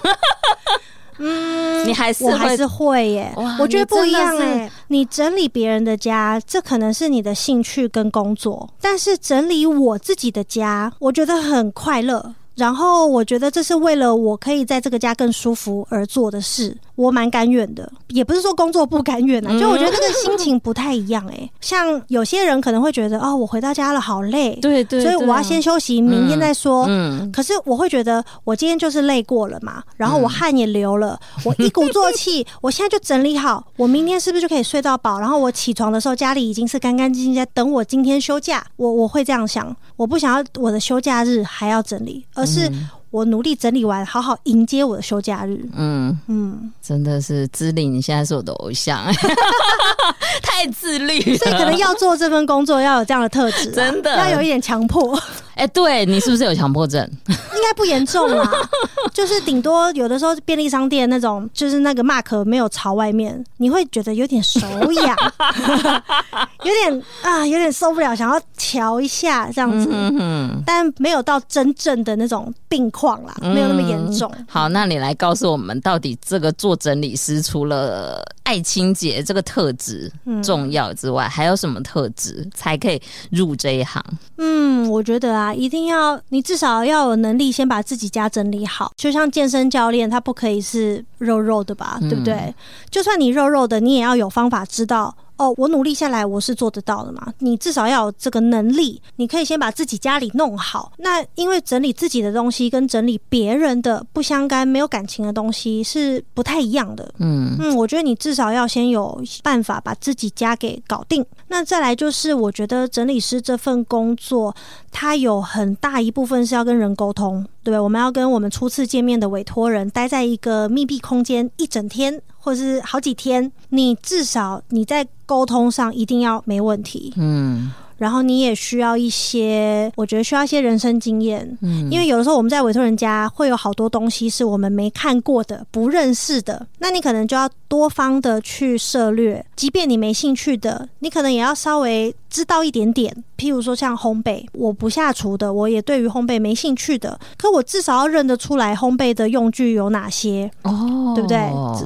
嗯，你還是會，我還是會耶、欸，哇我覺得不一樣哎、欸。你，你整理別人的家，這可能是你的興趣跟工作；但是整理我自己的家，我覺得很快樂。然後我覺得這是為了我可以在這個家更舒服而做的事，我蠻甘願的。也不是說工作不甘願啊，就我覺得這個心情不太一樣哎、欸。像有些人可能會覺得哦，我回到家了好累，對對，對，所以我要先休息，嗯、明天再說。嗯。嗯，可是我會覺得我今天就是累過了嘛，然後我汗也流了，我一鼓作氣， 我現在就整理好，我明天是不是就可以睡到飽？然後我起床的時候家裡已經是乾乾淨淨在等我今天休假，我我會這樣想，我不想要我的休假日還要整理。是，我努力整理完，好好迎接我的休假日。嗯嗯，嗯真的是自律，你現在是我的偶像， 太自律，所以可能要做這份工作要有這樣的特質啊， 真的要有一點強迫。哎、欸，對你是不是有強迫症？ 應該不嚴重啦，就是頂多有的時候便利商店那種，就是那個 mark 沒有朝外面，你會覺得有點手癢， 有點啊，有點受不了，想要調一下這樣子，嗯、哼哼但沒有到真正的那種病況啦，嗯、沒有那麼嚴重。好，那你來告訴我們，到底這個做整理師除了愛清潔這個特質重要之外，嗯、還有什麼特質才可以入這一行？嗯，我覺得啊。啊，一定要你至少要有能力，先把自己家整理好。就像健身教練，他不可以是肉肉的吧？嗯、對不對？就算你肉肉的，你也要有方法知道。哦，我努力下來，我是做得到的嘛。你至少要有這個能力，你可以先把自己家裡弄好。那因為整理自己的東西跟整理別人的不相干、沒有感情的東西是不太一樣的。嗯嗯，我覺得你至少要先有辦法把自己家給搞定。那再來就是，我覺得整理師這份工作，它有很大一部分是要跟人溝通。對，我們要跟我們初次見面的委托人待在一個密閉空間一整天，或是好幾天。你至少你在溝通上一定要沒問題，嗯。然後你也需要一些，我覺得需要一些人生經驗，嗯。因為有的時候我們在委托人家會有好多東西是我們沒看過的、不認識的，那你可能就要多方的去涉略，即便你沒興趣的，你可能也要稍微。知道一點點，譬如說像烘焙，我不下廚的，我也對於烘焙沒興趣的，可我至少要認得出來烘焙的用具有哪些，哦，對不對？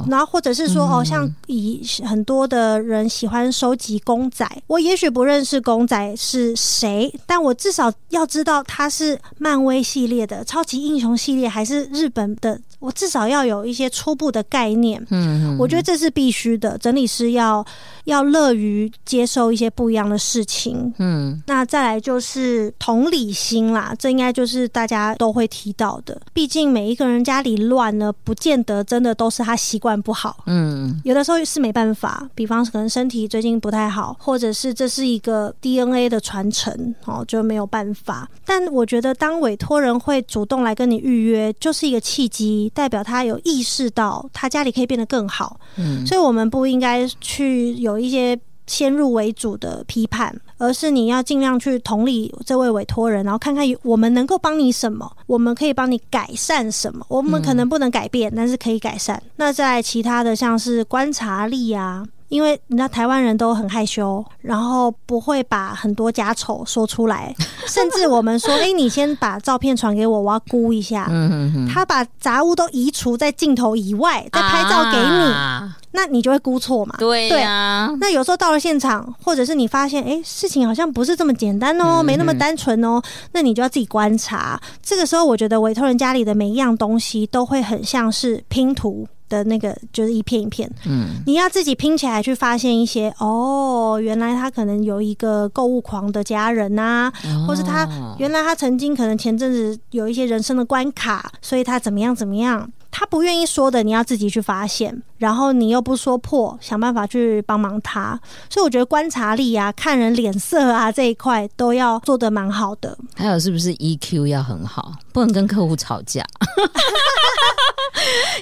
然後或者是說，哦、嗯，像以很多的人喜歡收集公仔，我也許不認識公仔是誰，但我至少要知道它是漫威系列的超級英雄系列，還是日本的、嗯。我至少要有一些初步的概念，嗯，我覺得這是必須的。整理師要要樂於接受一些不一樣的事情，嗯，那再來就是同理心啦，這應該就是大家都會提到的。畢竟每一個人家裡亂呢，不見得真的都是他習慣不好，嗯，有的時候是沒辦法，比方可能身體最近不太好，或者是這是一個 DNA 的傳承，哦，就沒有辦法。但我覺得當委託人會主動來跟你預約，就是一個契機。代表他有意識到他家裡可以變得更好，所以我們不應該去有一些先入為主的批判，而是你要儘量去同理這位委托人，然後看看我們能夠幫你什麼，我們可以幫你改善什麼，我們可能不能改變，但是可以改善。那在其他的像是觀察力啊。因為你知道，台灣人都很害羞，然後不會把很多家醜說出來，甚至我們說：“哎、 欸，你先把照片傳給我，我要估一下。嗯哼哼”他把雜物都移除在鏡頭以外，再拍照給你，啊、那你就會估錯嘛？對啊對，那有時候到了現場，或者是你發現，哎、欸，事情好像不是這麼簡單哦、喔，嗯、哼沒那麼單純哦、喔，那你就要自己觀察。這個時候，我覺得委托人家裡的每一樣東西都會很像是拼圖。的那個就是一片一片，嗯，你要自己拼起來去發現一些哦，原來他可能有一個購物狂的家人啊，哦，或是他原來他曾經可能前陣子有一些人生的關卡，所以他怎麼樣怎麼樣。他不願意說的，你要自己去發現，然後你又不說破，想辦法去幫忙他。所以我覺得觀察力啊、看人臉色啊這一塊都要做得蠻好的。還有是不是 EQ 要很好，不能跟客戶吵架？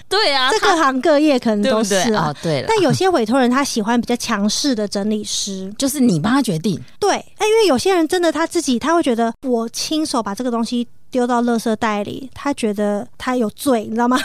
對啊，各行各業可能都是啊，對，對。哦、對了，但有些委托人他喜歡比較強勢的整理師，就是你幫他決定。對、欸，因為有些人真的他自己，他會覺得我親手把這個東西。丟到垃圾袋裡，他覺得他有罪，你知道嗎？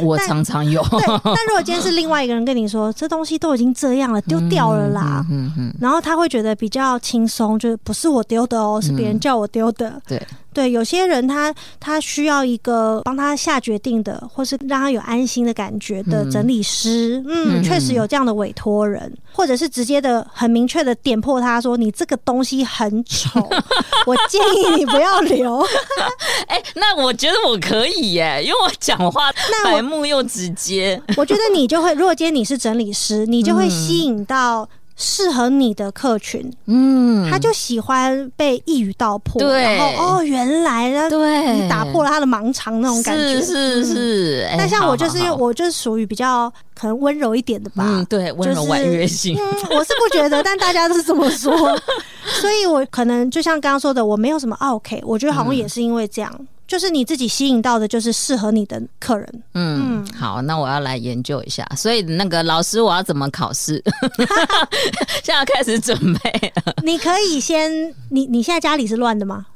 我常常有 對。 但如果今天是另外一個人跟你說， 這東西都已經這樣了，丟掉了啦，嗯嗯嗯嗯、然後他會覺得比較輕鬆，就是不是我丟的哦，是別人叫我丟的、嗯，對。對，有些人他他需要一個幫他下決定的，或是讓他有安心的感覺的整理師。嗯，嗯確實有這樣的委托人，嗯、哼或者是直接的、很明確的點破他說：“你這個東西很醜， 我建議你不要留。 ”哎、欸，那我覺得我可以耶、欸，因為我講話白目又直接 我。我覺得你就會，如果今天你是整理師，你就會吸引到。適合你的客群，嗯，他就喜歡被一語道破，對然後哦，原來呢，對，你打破了他的盲腸那種感覺，是是是。那、嗯欸、像我就是、欸、我就是屬於比較可能溫柔一點的吧，嗯、對，溫柔婉約型，我是不覺得， 但大家都是這麼說， 所以我可能就像剛剛說的，我沒有什麼 OK，我覺得好像也是因為這樣。嗯就是你自己吸引到的，就是適合你的客人，嗯。嗯，好，那我要來研究一下。所以那個老師，我要怎麼考試？ 現在開始準備。 你可以先，你你現在家裡是亂的嗎？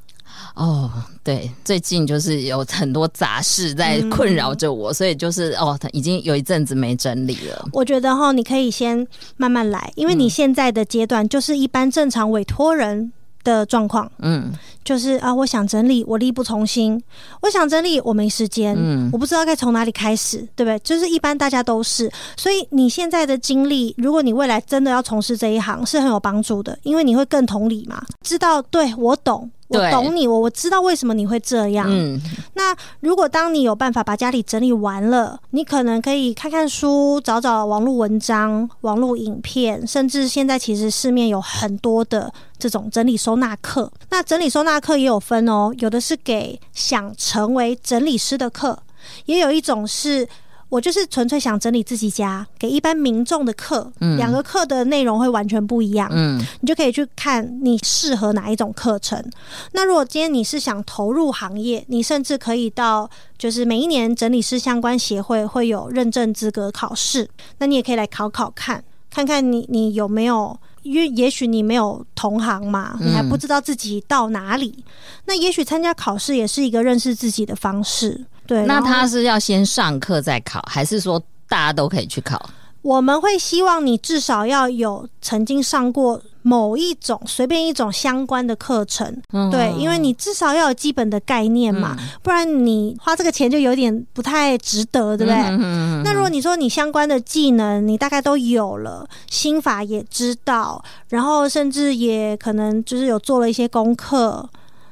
哦，對，最近就是有很多雜事在困擾着我，所以就是哦，已經有一陣子沒整理了。我覺得哈，你可以先慢慢來，因為你現在的階段就是一般正常委托人。的狀況，嗯，就是啊，我想整理，我力不從心；我想整理，我沒時間，嗯，我不知道該從哪裡開始，對不對？就是一般大家都是，所以你現在的經歷，如果你未來真的要從事這一行，是很有幫助的，因為你會更同理嘛，知道？對，我懂。我懂你，我我知道為什麼你會這樣。對嗯、那如果當你有辦法把家裡整理完了，你可能可以看看書，找找網路文章、網路影片，甚至現在其實市面有很多的這種整理收納課。那整理收納課也有分哦，有的是給想成為整理師的課，也有一種是我就是純粹想整理自己家，給一般民眾的課，嗯、兩個課的內容會完全不一樣。嗯，你就可以去看你適合哪一種課程。那如果今天你是想投入行業，你甚至可以到，就是每一年整理師相關協會會有認證資格考試，那你也可以來考考看，看看你你有沒有，因為也許你沒有同行嘛，你還不知道自己到哪裡。嗯、那也許參加考試也是一個認識自己的方式。對，那他是要先上課再考，還是說大家都可以去考？我們會希望你至少要有曾經上過某一種、隨便一種相關的課程，對，因為你至少要有基本的概念嘛，嗯、不然你花這個錢就有點不太值得，對不對？嗯、哼哼哼，那如果你說你相關的技能你大概都有了，心法也知道，然後甚至也可能就是有做了一些功課。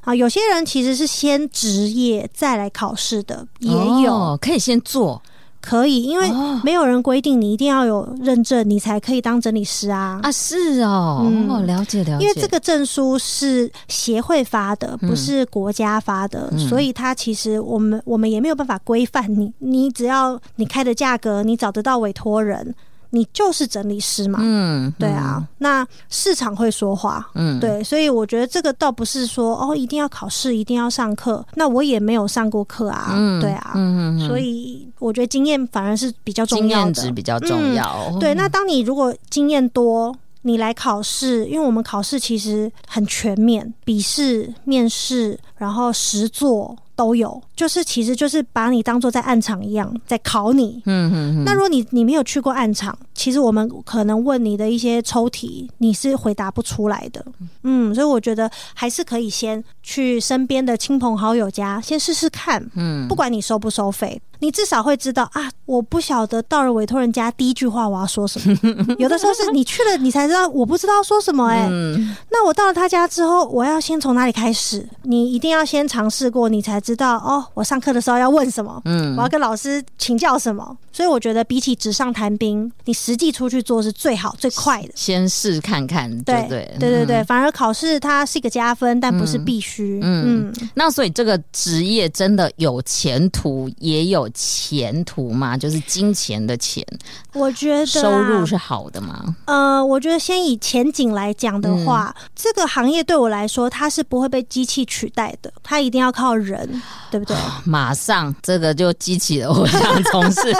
啊，有些人其實是先職業再來考試的，也有，哦、可以先做，可以，因為沒有人規定你一定要有認證，哦、你才可以當整理師啊啊，是哦，嗯、哦，了解了解，因為這個證書是協會發的，不是國家發的，嗯、所以他其實我們我們也沒有辦法規範你，你只要你開的價格，你找得到委托人。你就是整理師嘛，嗯，嗯，對啊，那市場會說話，嗯，對，所以我覺得這個倒不是說哦一定要考試，一定要上課，那我也沒有上過課啊，嗯，對啊，嗯哼哼，所以我覺得經驗反而是比較重要的，經驗值比較重要，嗯，對。那當你如果經驗多，你來考試，因為我們考試其實很全面，筆試、面試，然後實作。都有，就是其實就是把你當做在暗場一樣在考你。嗯嗯，嗯嗯，那如果你你沒有去過暗場，其實我們可能問你的一些抽題，你是回答不出來的。嗯，所以我覺得還是可以先去身邊的親朋好友家先試試看。嗯，不管你收不收費。嗯你至少會知道啊！我不曉得到了委托人家第一句話我要說什麼。 有的時候是你去了，你才知道我不知道說什麼哎、欸。嗯、那我到了他家之後，我要先從哪裡開始？你一定要先嘗試過，你才知道哦。我上課的時候要問什麼？嗯，我要跟老師請教什麼？所以我覺得比起紙上談兵，你實際出去做是最好最快的。先試看看就對了，對對對對對，嗯、反而考試它是一個加分，但不是必須、嗯。嗯，嗯那所以這個職業真的有前途，也有。前途嘛，就是金錢的錢。我覺得收入是好的嗎？呃，我覺得先以前景來講的話，這個行業對我來說，它是不會被機器取代的，它一定要靠人，對不對？馬上這個就激起了我想從事，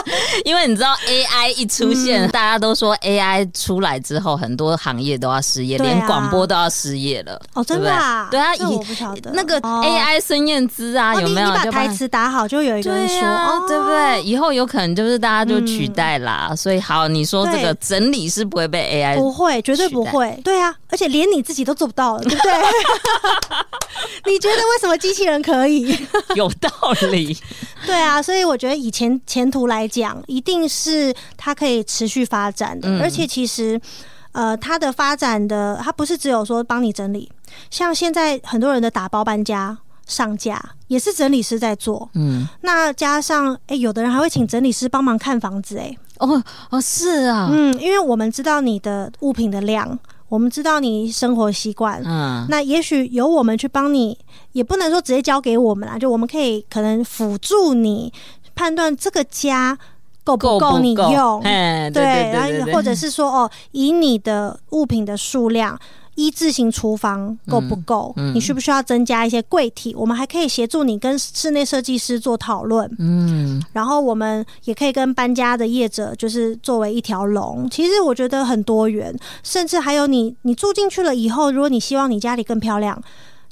因為你知道 AI 一出現，大家都說 AI 出來之後，很多行業都要失業，連廣播都要失業了。哦，真的啊？對啊，我不曉得那個 AI 孫燕姿啊，有沒有？你把台詞打好，就有一個人說哦。對不對？以後有可能就是大家就取代啦。嗯、所以好，你說這個整理是不會被 AI 不，不會，絕對不會取代。對啊，而且連你自己都做不到了，對不對？ 你覺得為什麼機器人可以？ 有道理。 對啊，所以我覺得以前前途來講，一定是它可以持續發展的。嗯、而且其實，呃，它的發展的，它不是只有說幫你整理，像現在很多人的打包搬家。上架也是整理師在做，嗯，那加上哎、欸，有的人還會請整理師幫忙看房子、欸，哎、哦，哦哦，是啊，嗯，因為我們知道你的物品的量，我們知道你生活習慣，嗯，那也許由我們去幫你，也不能說直接交給我們啦，就我們可以可能輔助你判斷這個家夠不夠你用，夠不夠，嘿嘿嘿，對，然後或者是說哦，以你的物品的數量。一字型廚房夠不夠？嗯嗯、你需不需要增加一些櫃體？我們還可以協助你跟室內設計師做討論。嗯，然後我們也可以跟搬家的業者，就是作為一條龍。其實我覺得很多元，甚至還有你，你住進去了以後，如果你希望你家裡更漂亮，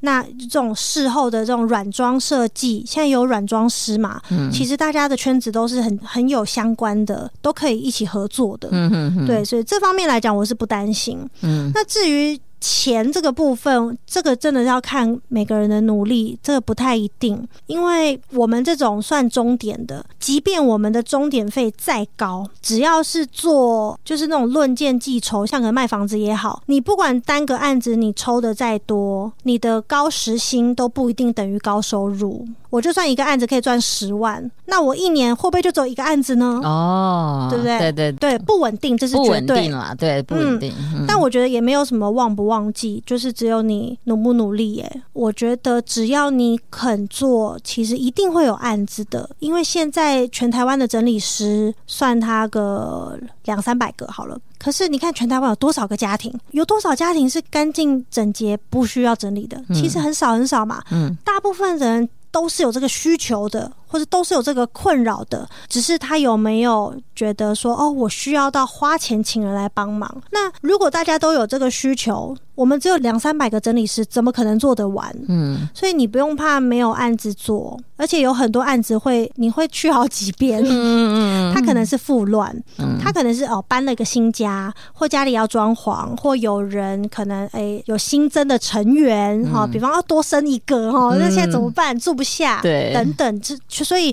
那這種事後的這種軟裝設計，現在有軟裝師嘛？嗯、其實大家的圈子都是很很有相關的，都可以一起合作的。嗯嗯、對，所以這方面來講，我是不擔心。嗯，那至於。錢這個部分，這個真的要看每個人的努力，這個不太一定。因為我們這種算鐘點的，即便我們的鐘點費再高，只要是做就是那種論件計酬，像個賣房子也好，你不管單個案子你抽的再多，你的高時薪都不一定等於高收入。我就算一個案子可以賺十萬，那我一年會不會就走一個案子呢？哦，oh, 對不對？對,對,對,對不穩定，這是絕對不穩定啦對不穩定。嗯嗯、但我覺得也沒有什麼旺不旺季，就是只有你努不努力耶。我覺得只要你肯做，其實一定會有案子的。因為現在全台灣的整理師算他個兩三百個好了，可是你看全台灣有多少個家庭？有多少家庭是乾淨整潔不需要整理的？嗯、其實很少很少嘛。嗯，大部分人。都是有這個需求的。或者都是有這個困擾的，只是他有沒有覺得說哦，我需要到花錢請人來幫忙？那如果大家都有這個需求，我們只有兩三百個整理師，怎麼可能做得完？嗯，所以你不用怕沒有案子做，而且有很多案子會你會去好幾遍。嗯嗯， 他可能是復亂，嗯、他可能是哦搬了一個新家，或家裡要裝潢，或有人可能哎、欸、有新增的成員哈、嗯哦，比方要多生一個哈、哦，那現在怎麼辦？住不下，對、嗯，等等這。所以，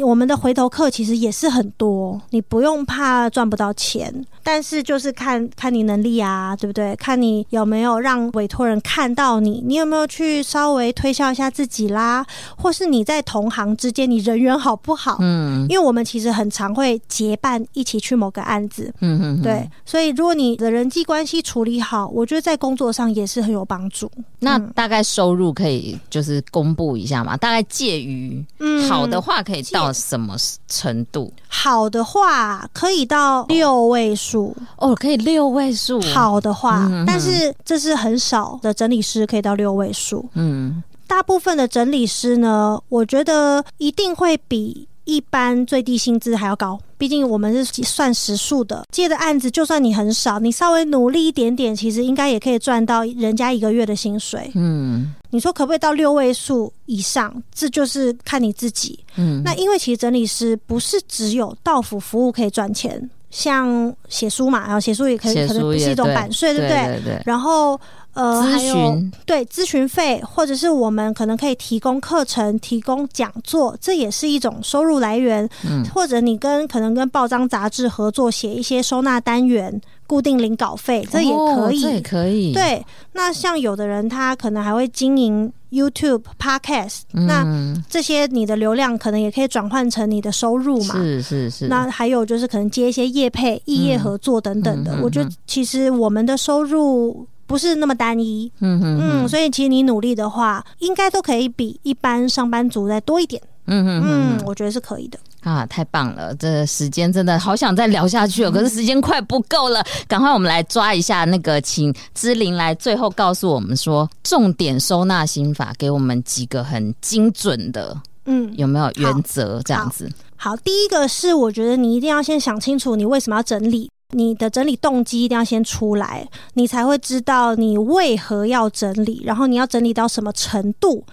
我們的回頭客其實也是很多，你不用怕賺不到錢。但是就是看看你能力啊，對不對？看你有沒有讓委托人看到你，你有沒有去稍微推銷一下自己啦，或是你在同行之間你人緣好不好？嗯，因為我們其實很常會結伴一起去某個案子。嗯嗯。對，所以如果你的人際關係處理好，我覺得在工作上也是很有幫助。嗯，那大概收入可以就是公布一下嘛？大概介於好的話可以到什麼程度？嗯，好的話可以到六位數。哦數哦，可以六位數。好的話，嗯、哼但是這是很少的整理師可以到六位數。嗯，大部分的整理師呢，我覺得一定會比一般最低薪資還要高，畢竟我們是算時數的。接的案子就算你很少，你稍微努力一點點，其實應該也可以賺到人家一個月的薪水。嗯，你說可不可以到六位數以上？這就是看你自己。嗯，那因為其實整理師不是只有到府服務可以賺錢。像寫書嘛，然後寫書也可以，可能不是一種版稅，對不對？然後呃，諮詢還有對諮詢費，或者是我們可能可以提供課程、提供講座，這也是一種收入來源。嗯、或者你跟可能跟報章雜誌合作寫一些收納單元，固定領稿費，這也可以，哦、這也可以。對，那像有的人他可能還會經營。YouTube、Podcast、嗯、Podcast，那這些你的流量可能也可以轉換成你的收入嘛？是是是。那還有就是可能接一些業配、業、嗯、異業合作等等的，嗯、我覺得其實我們的收入不是那麼單一。嗯嗯嗯。所以其實你努力的話，應該都可以比一般上班族再多一點。嗯嗯我覺得是可以的，嗯、可以的啊！太棒了，這個、時間真的好想再聊下去哦，可是時間快不夠了，趕、嗯、快我們來抓一下那個，請之琳來最後告訴我們說重點收納心法，給我們幾個很精準的，嗯，有沒有原則這樣子、嗯，好好好。好，第一個是我覺得你一定要先想清楚你為什麼要整理，你的整理動機一定要先出來，你才會知道你為何要整理，然後你要整理到什麼程度。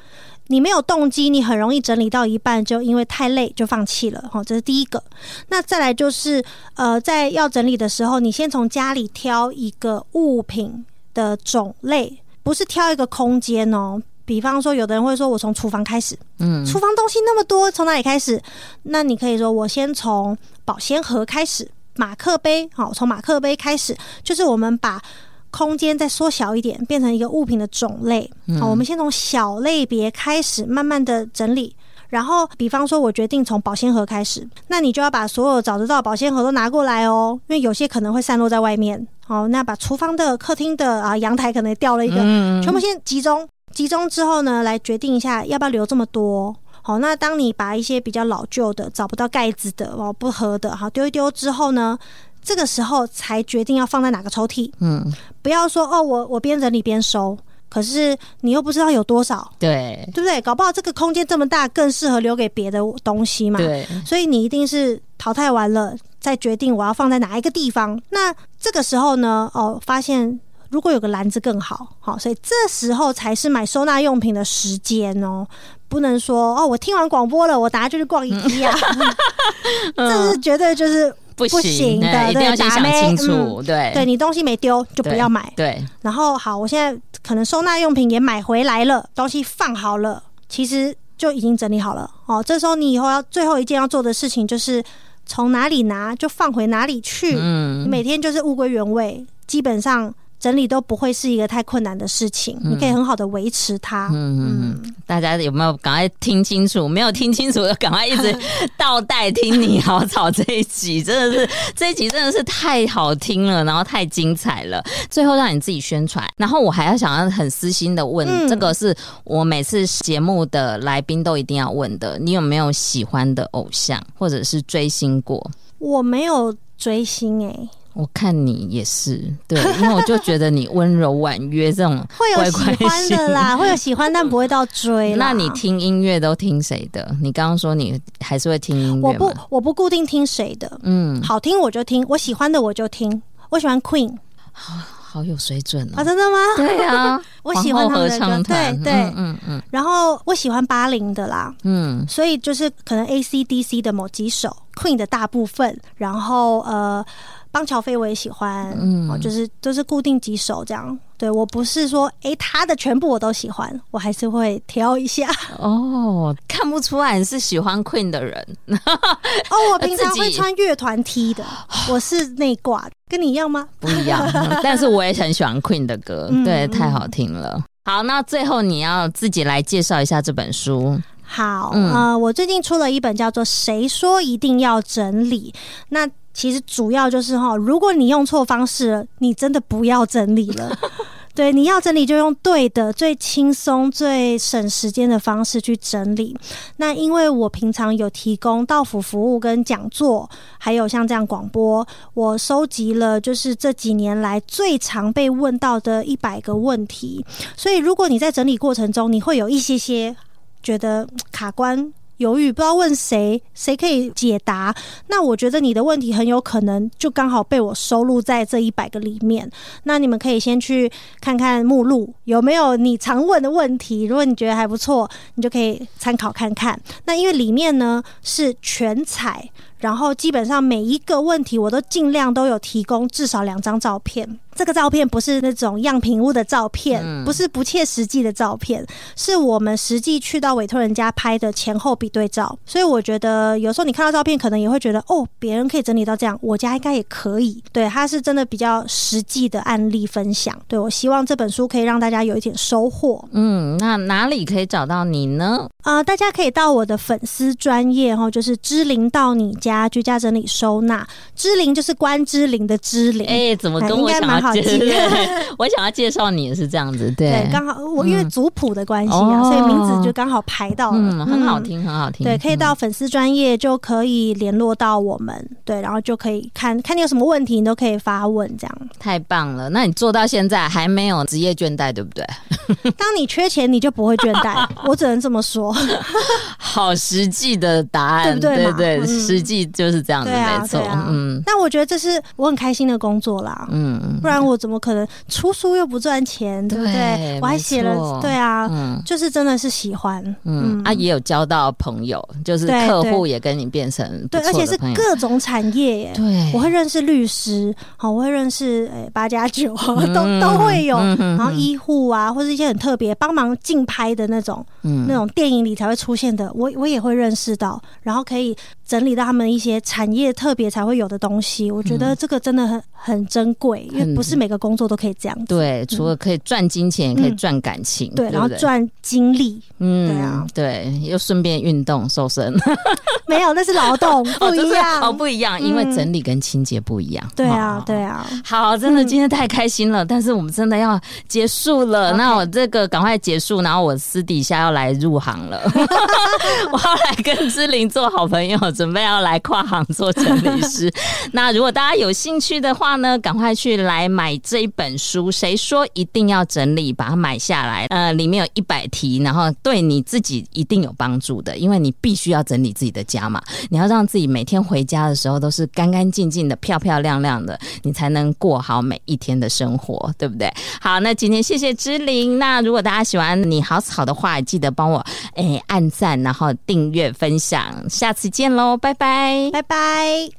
你沒有動機，你很容易整理到一半就因為太累就放棄了。好，這是第一個。那再來就是，呃，在要整理的時候，你先從家裡挑一個物品的種類，不是挑一個空間哦。比方說，有的人會說我從廚房開始，嗯，廚房東西那麼多，從哪裡開始？那你可以說我先從保鮮盒開始，馬克杯，好，從馬克杯開始，就是我們把。空間再縮小一點，變成一個物品的種類。好，我們先從小類別開始，慢慢的整理。然後，比方說，我決定從保鮮盒開始，那你就要把所有找得到的保鮮盒都拿過來哦，因為有些可能會散落在外面。好，那把廚房的、客廳的啊、陽台可能掉了一個，全部先集中。集中之後呢，來決定一下要不要留這麼多。好，那當你把一些比較老舊的、找不到蓋子的、哦不合的，好，丟一丟之後呢，這個時候才決定要放在哪個抽屜，嗯，不要說哦，我我邊整理邊收，可是你又不知道有多少，對，對不對？搞不好這個空間這麼大，更適合留給別的東西嘛，對，所以你一定是淘汰完了再決定我要放在哪一個地方。那這個時候呢，哦，發現如果有個籃子更好，好、哦，所以這時候才是買收納用品的時間哦，不能說哦，我聽完廣播了，我等下就去逛一下啊。嗯、 這是絕對就是。不行，不行的，欸、對、一定要想清楚。嗯、對，你東西沒丟，就不要買。對。對對，然後，好，我現在可能收納用品也買回來了，東西放好了，其實就已經整理好了。哦，這時候你以後要最後一件要做的事情就是從哪裡拿就放回哪裡去。嗯。每天就是物歸原位，基本上。整理都不會是一個太困難的事情，嗯、你可以很好的維持它。嗯嗯，嗯，大家有沒有趕快聽清楚？沒有聽清楚的趕快一直倒帶聽。你好吵，這一集 真的是這一集真的是太好聽了，然後太精彩了。最後讓你自己宣傳。然後我還要想要很私心的問，嗯、這個是我每次節目的來賓都一定要問的：你有沒有喜歡的偶像，或者是追星過？我沒有追星哎、欸。我看你也是，對，因為我就覺得你溫柔婉約這種乖乖會有喜歡的啦， 會有喜歡，但不會到追。那你聽音樂都聽誰的？你剛剛說你還是會聽音樂？我不，我不固定聽誰的，嗯，好聽我就聽，我喜歡的我就聽。我喜歡 Queen，好、啊、好有水準哦、喔啊，真的嗎？對啊， 我喜歡他們的對對，對嗯嗯。然後我喜歡八零的啦，嗯，所以就是可能 ACDC 的某幾首，Queen 的大部分，然後呃。張喬飛我也喜歡，嗯、哦，就是都、就是固定幾首這樣。對我不是說哎、欸、他的全部我都喜歡，我還是會挑一下。哦，看不出來你是喜歡 Queen 的人。 哦，我平常會穿樂團 T 的，己我是內掛的，跟你一樣嗎？不一樣，但是我也很喜歡 Queen 的歌， 對，太好聽了。好，那最後你要自己來介紹一下這本書。好，嗯、呃，我最近出了一本叫做《誰說一定要整理》那。其實主要就是哈，如果你用錯方式了，你真的不要整理了。 對，你要整理就用對的、最輕鬆、最省時間的方式去整理。那因為我平常有提供到府服務、跟講座，還有像這樣廣播，我收集了就是這幾年來最常被問到的一百個問題。所以如果你在整理過程中，你會有一些些覺得卡關。猶豫不知道問誰，誰可以解答？那我覺得你的問題很有可能就剛好被我收錄在這一百個裡面。那你們可以先去看看目錄，有沒有你常問的問題，如果你覺得還不錯，你就可以參考看看。那因為裡面呢是全彩。然後基本上每一個問題我都盡量都有提供至少兩張照片，這個照片不是那種樣品屋的照片，嗯、不是不切實際的照片，是我們實際去到委托人家拍的前後比對照。所以我覺得有時候你看到照片，可能也會覺得哦，別人可以整理到這樣，我家應該也可以。對，它是真的比較實際的案例分享。對我希望這本書可以讓大家有一點收穫。嗯，那哪裡可以找到你呢？啊、呃，大家可以到我的粉絲專頁哈，就是之琳到你。家居家整理收納，之琳就是關之琳的之琳。哎、欸，怎麼跟我想要介紹 我想要介紹你，是這樣子，對，剛好我、嗯、因為族譜的關係啊，所以名字就剛好排到嗯，嗯很好聽，嗯、很好聽。對，可以到粉絲專頁就可以聯絡到我們，嗯、對，然後就可以看看你有什麼問題，你都可以發問，這樣。太棒了，那你做到現在還沒有職業倦怠，對不對？當你缺錢，你就不會倦怠。我只能這麼說。好實際的答案，對不對？對，實際就是這樣的。對啊，對啊。沒錯。嗯，那我覺得這是我很開心的工作啦。嗯，不然我怎麼可能出書又不賺錢？對不對？我還寫了，對啊，就是真的是喜歡。嗯啊，也有交到朋友，就是客戶也跟你變成對，而且是各種產業耶。對，我會認識律師，好，我會認識，誒，八加九，都都會有。然後醫護啊，或是一些很特別、幫忙競拍的那種、嗯、那種電影裡才會出現的，我我也會認識到，然後可以。整理到他們一些產業特別才會有的東西，我覺得這個真的很很珍貴，因為不是每個工作都可以這樣子。對，除了可以賺金錢，也可以賺感情，對，然後賺精力。嗯，對啊，對，又順便運動瘦身。沒有，那是勞動，不一樣哦，不一樣，因為整理跟清潔不一樣。對啊，對啊。好，真的今天太開心了，但是我們真的要結束了。那我這個趕快結束，然後我私底下要來入行了，我要來跟之琳做好朋友。準備要來跨行做整理師， 那如果大家有興趣的話呢，趕快去來買這一本書誰說一定要整理，把它買下來。呃，裡面有一百題，然後對你自己一定有幫助的，因為你必須要整理自己的家嘛。你要讓自己每天回家的時候都是乾乾淨淨的、漂漂亮亮的，你才能過好每一天的生活，對不對？好，那今天謝謝之琳。那如果大家喜歡你好好的話，記得幫我誒、欸、按讚，然後訂閱、分享，下次見嘍。拜拜，拜拜。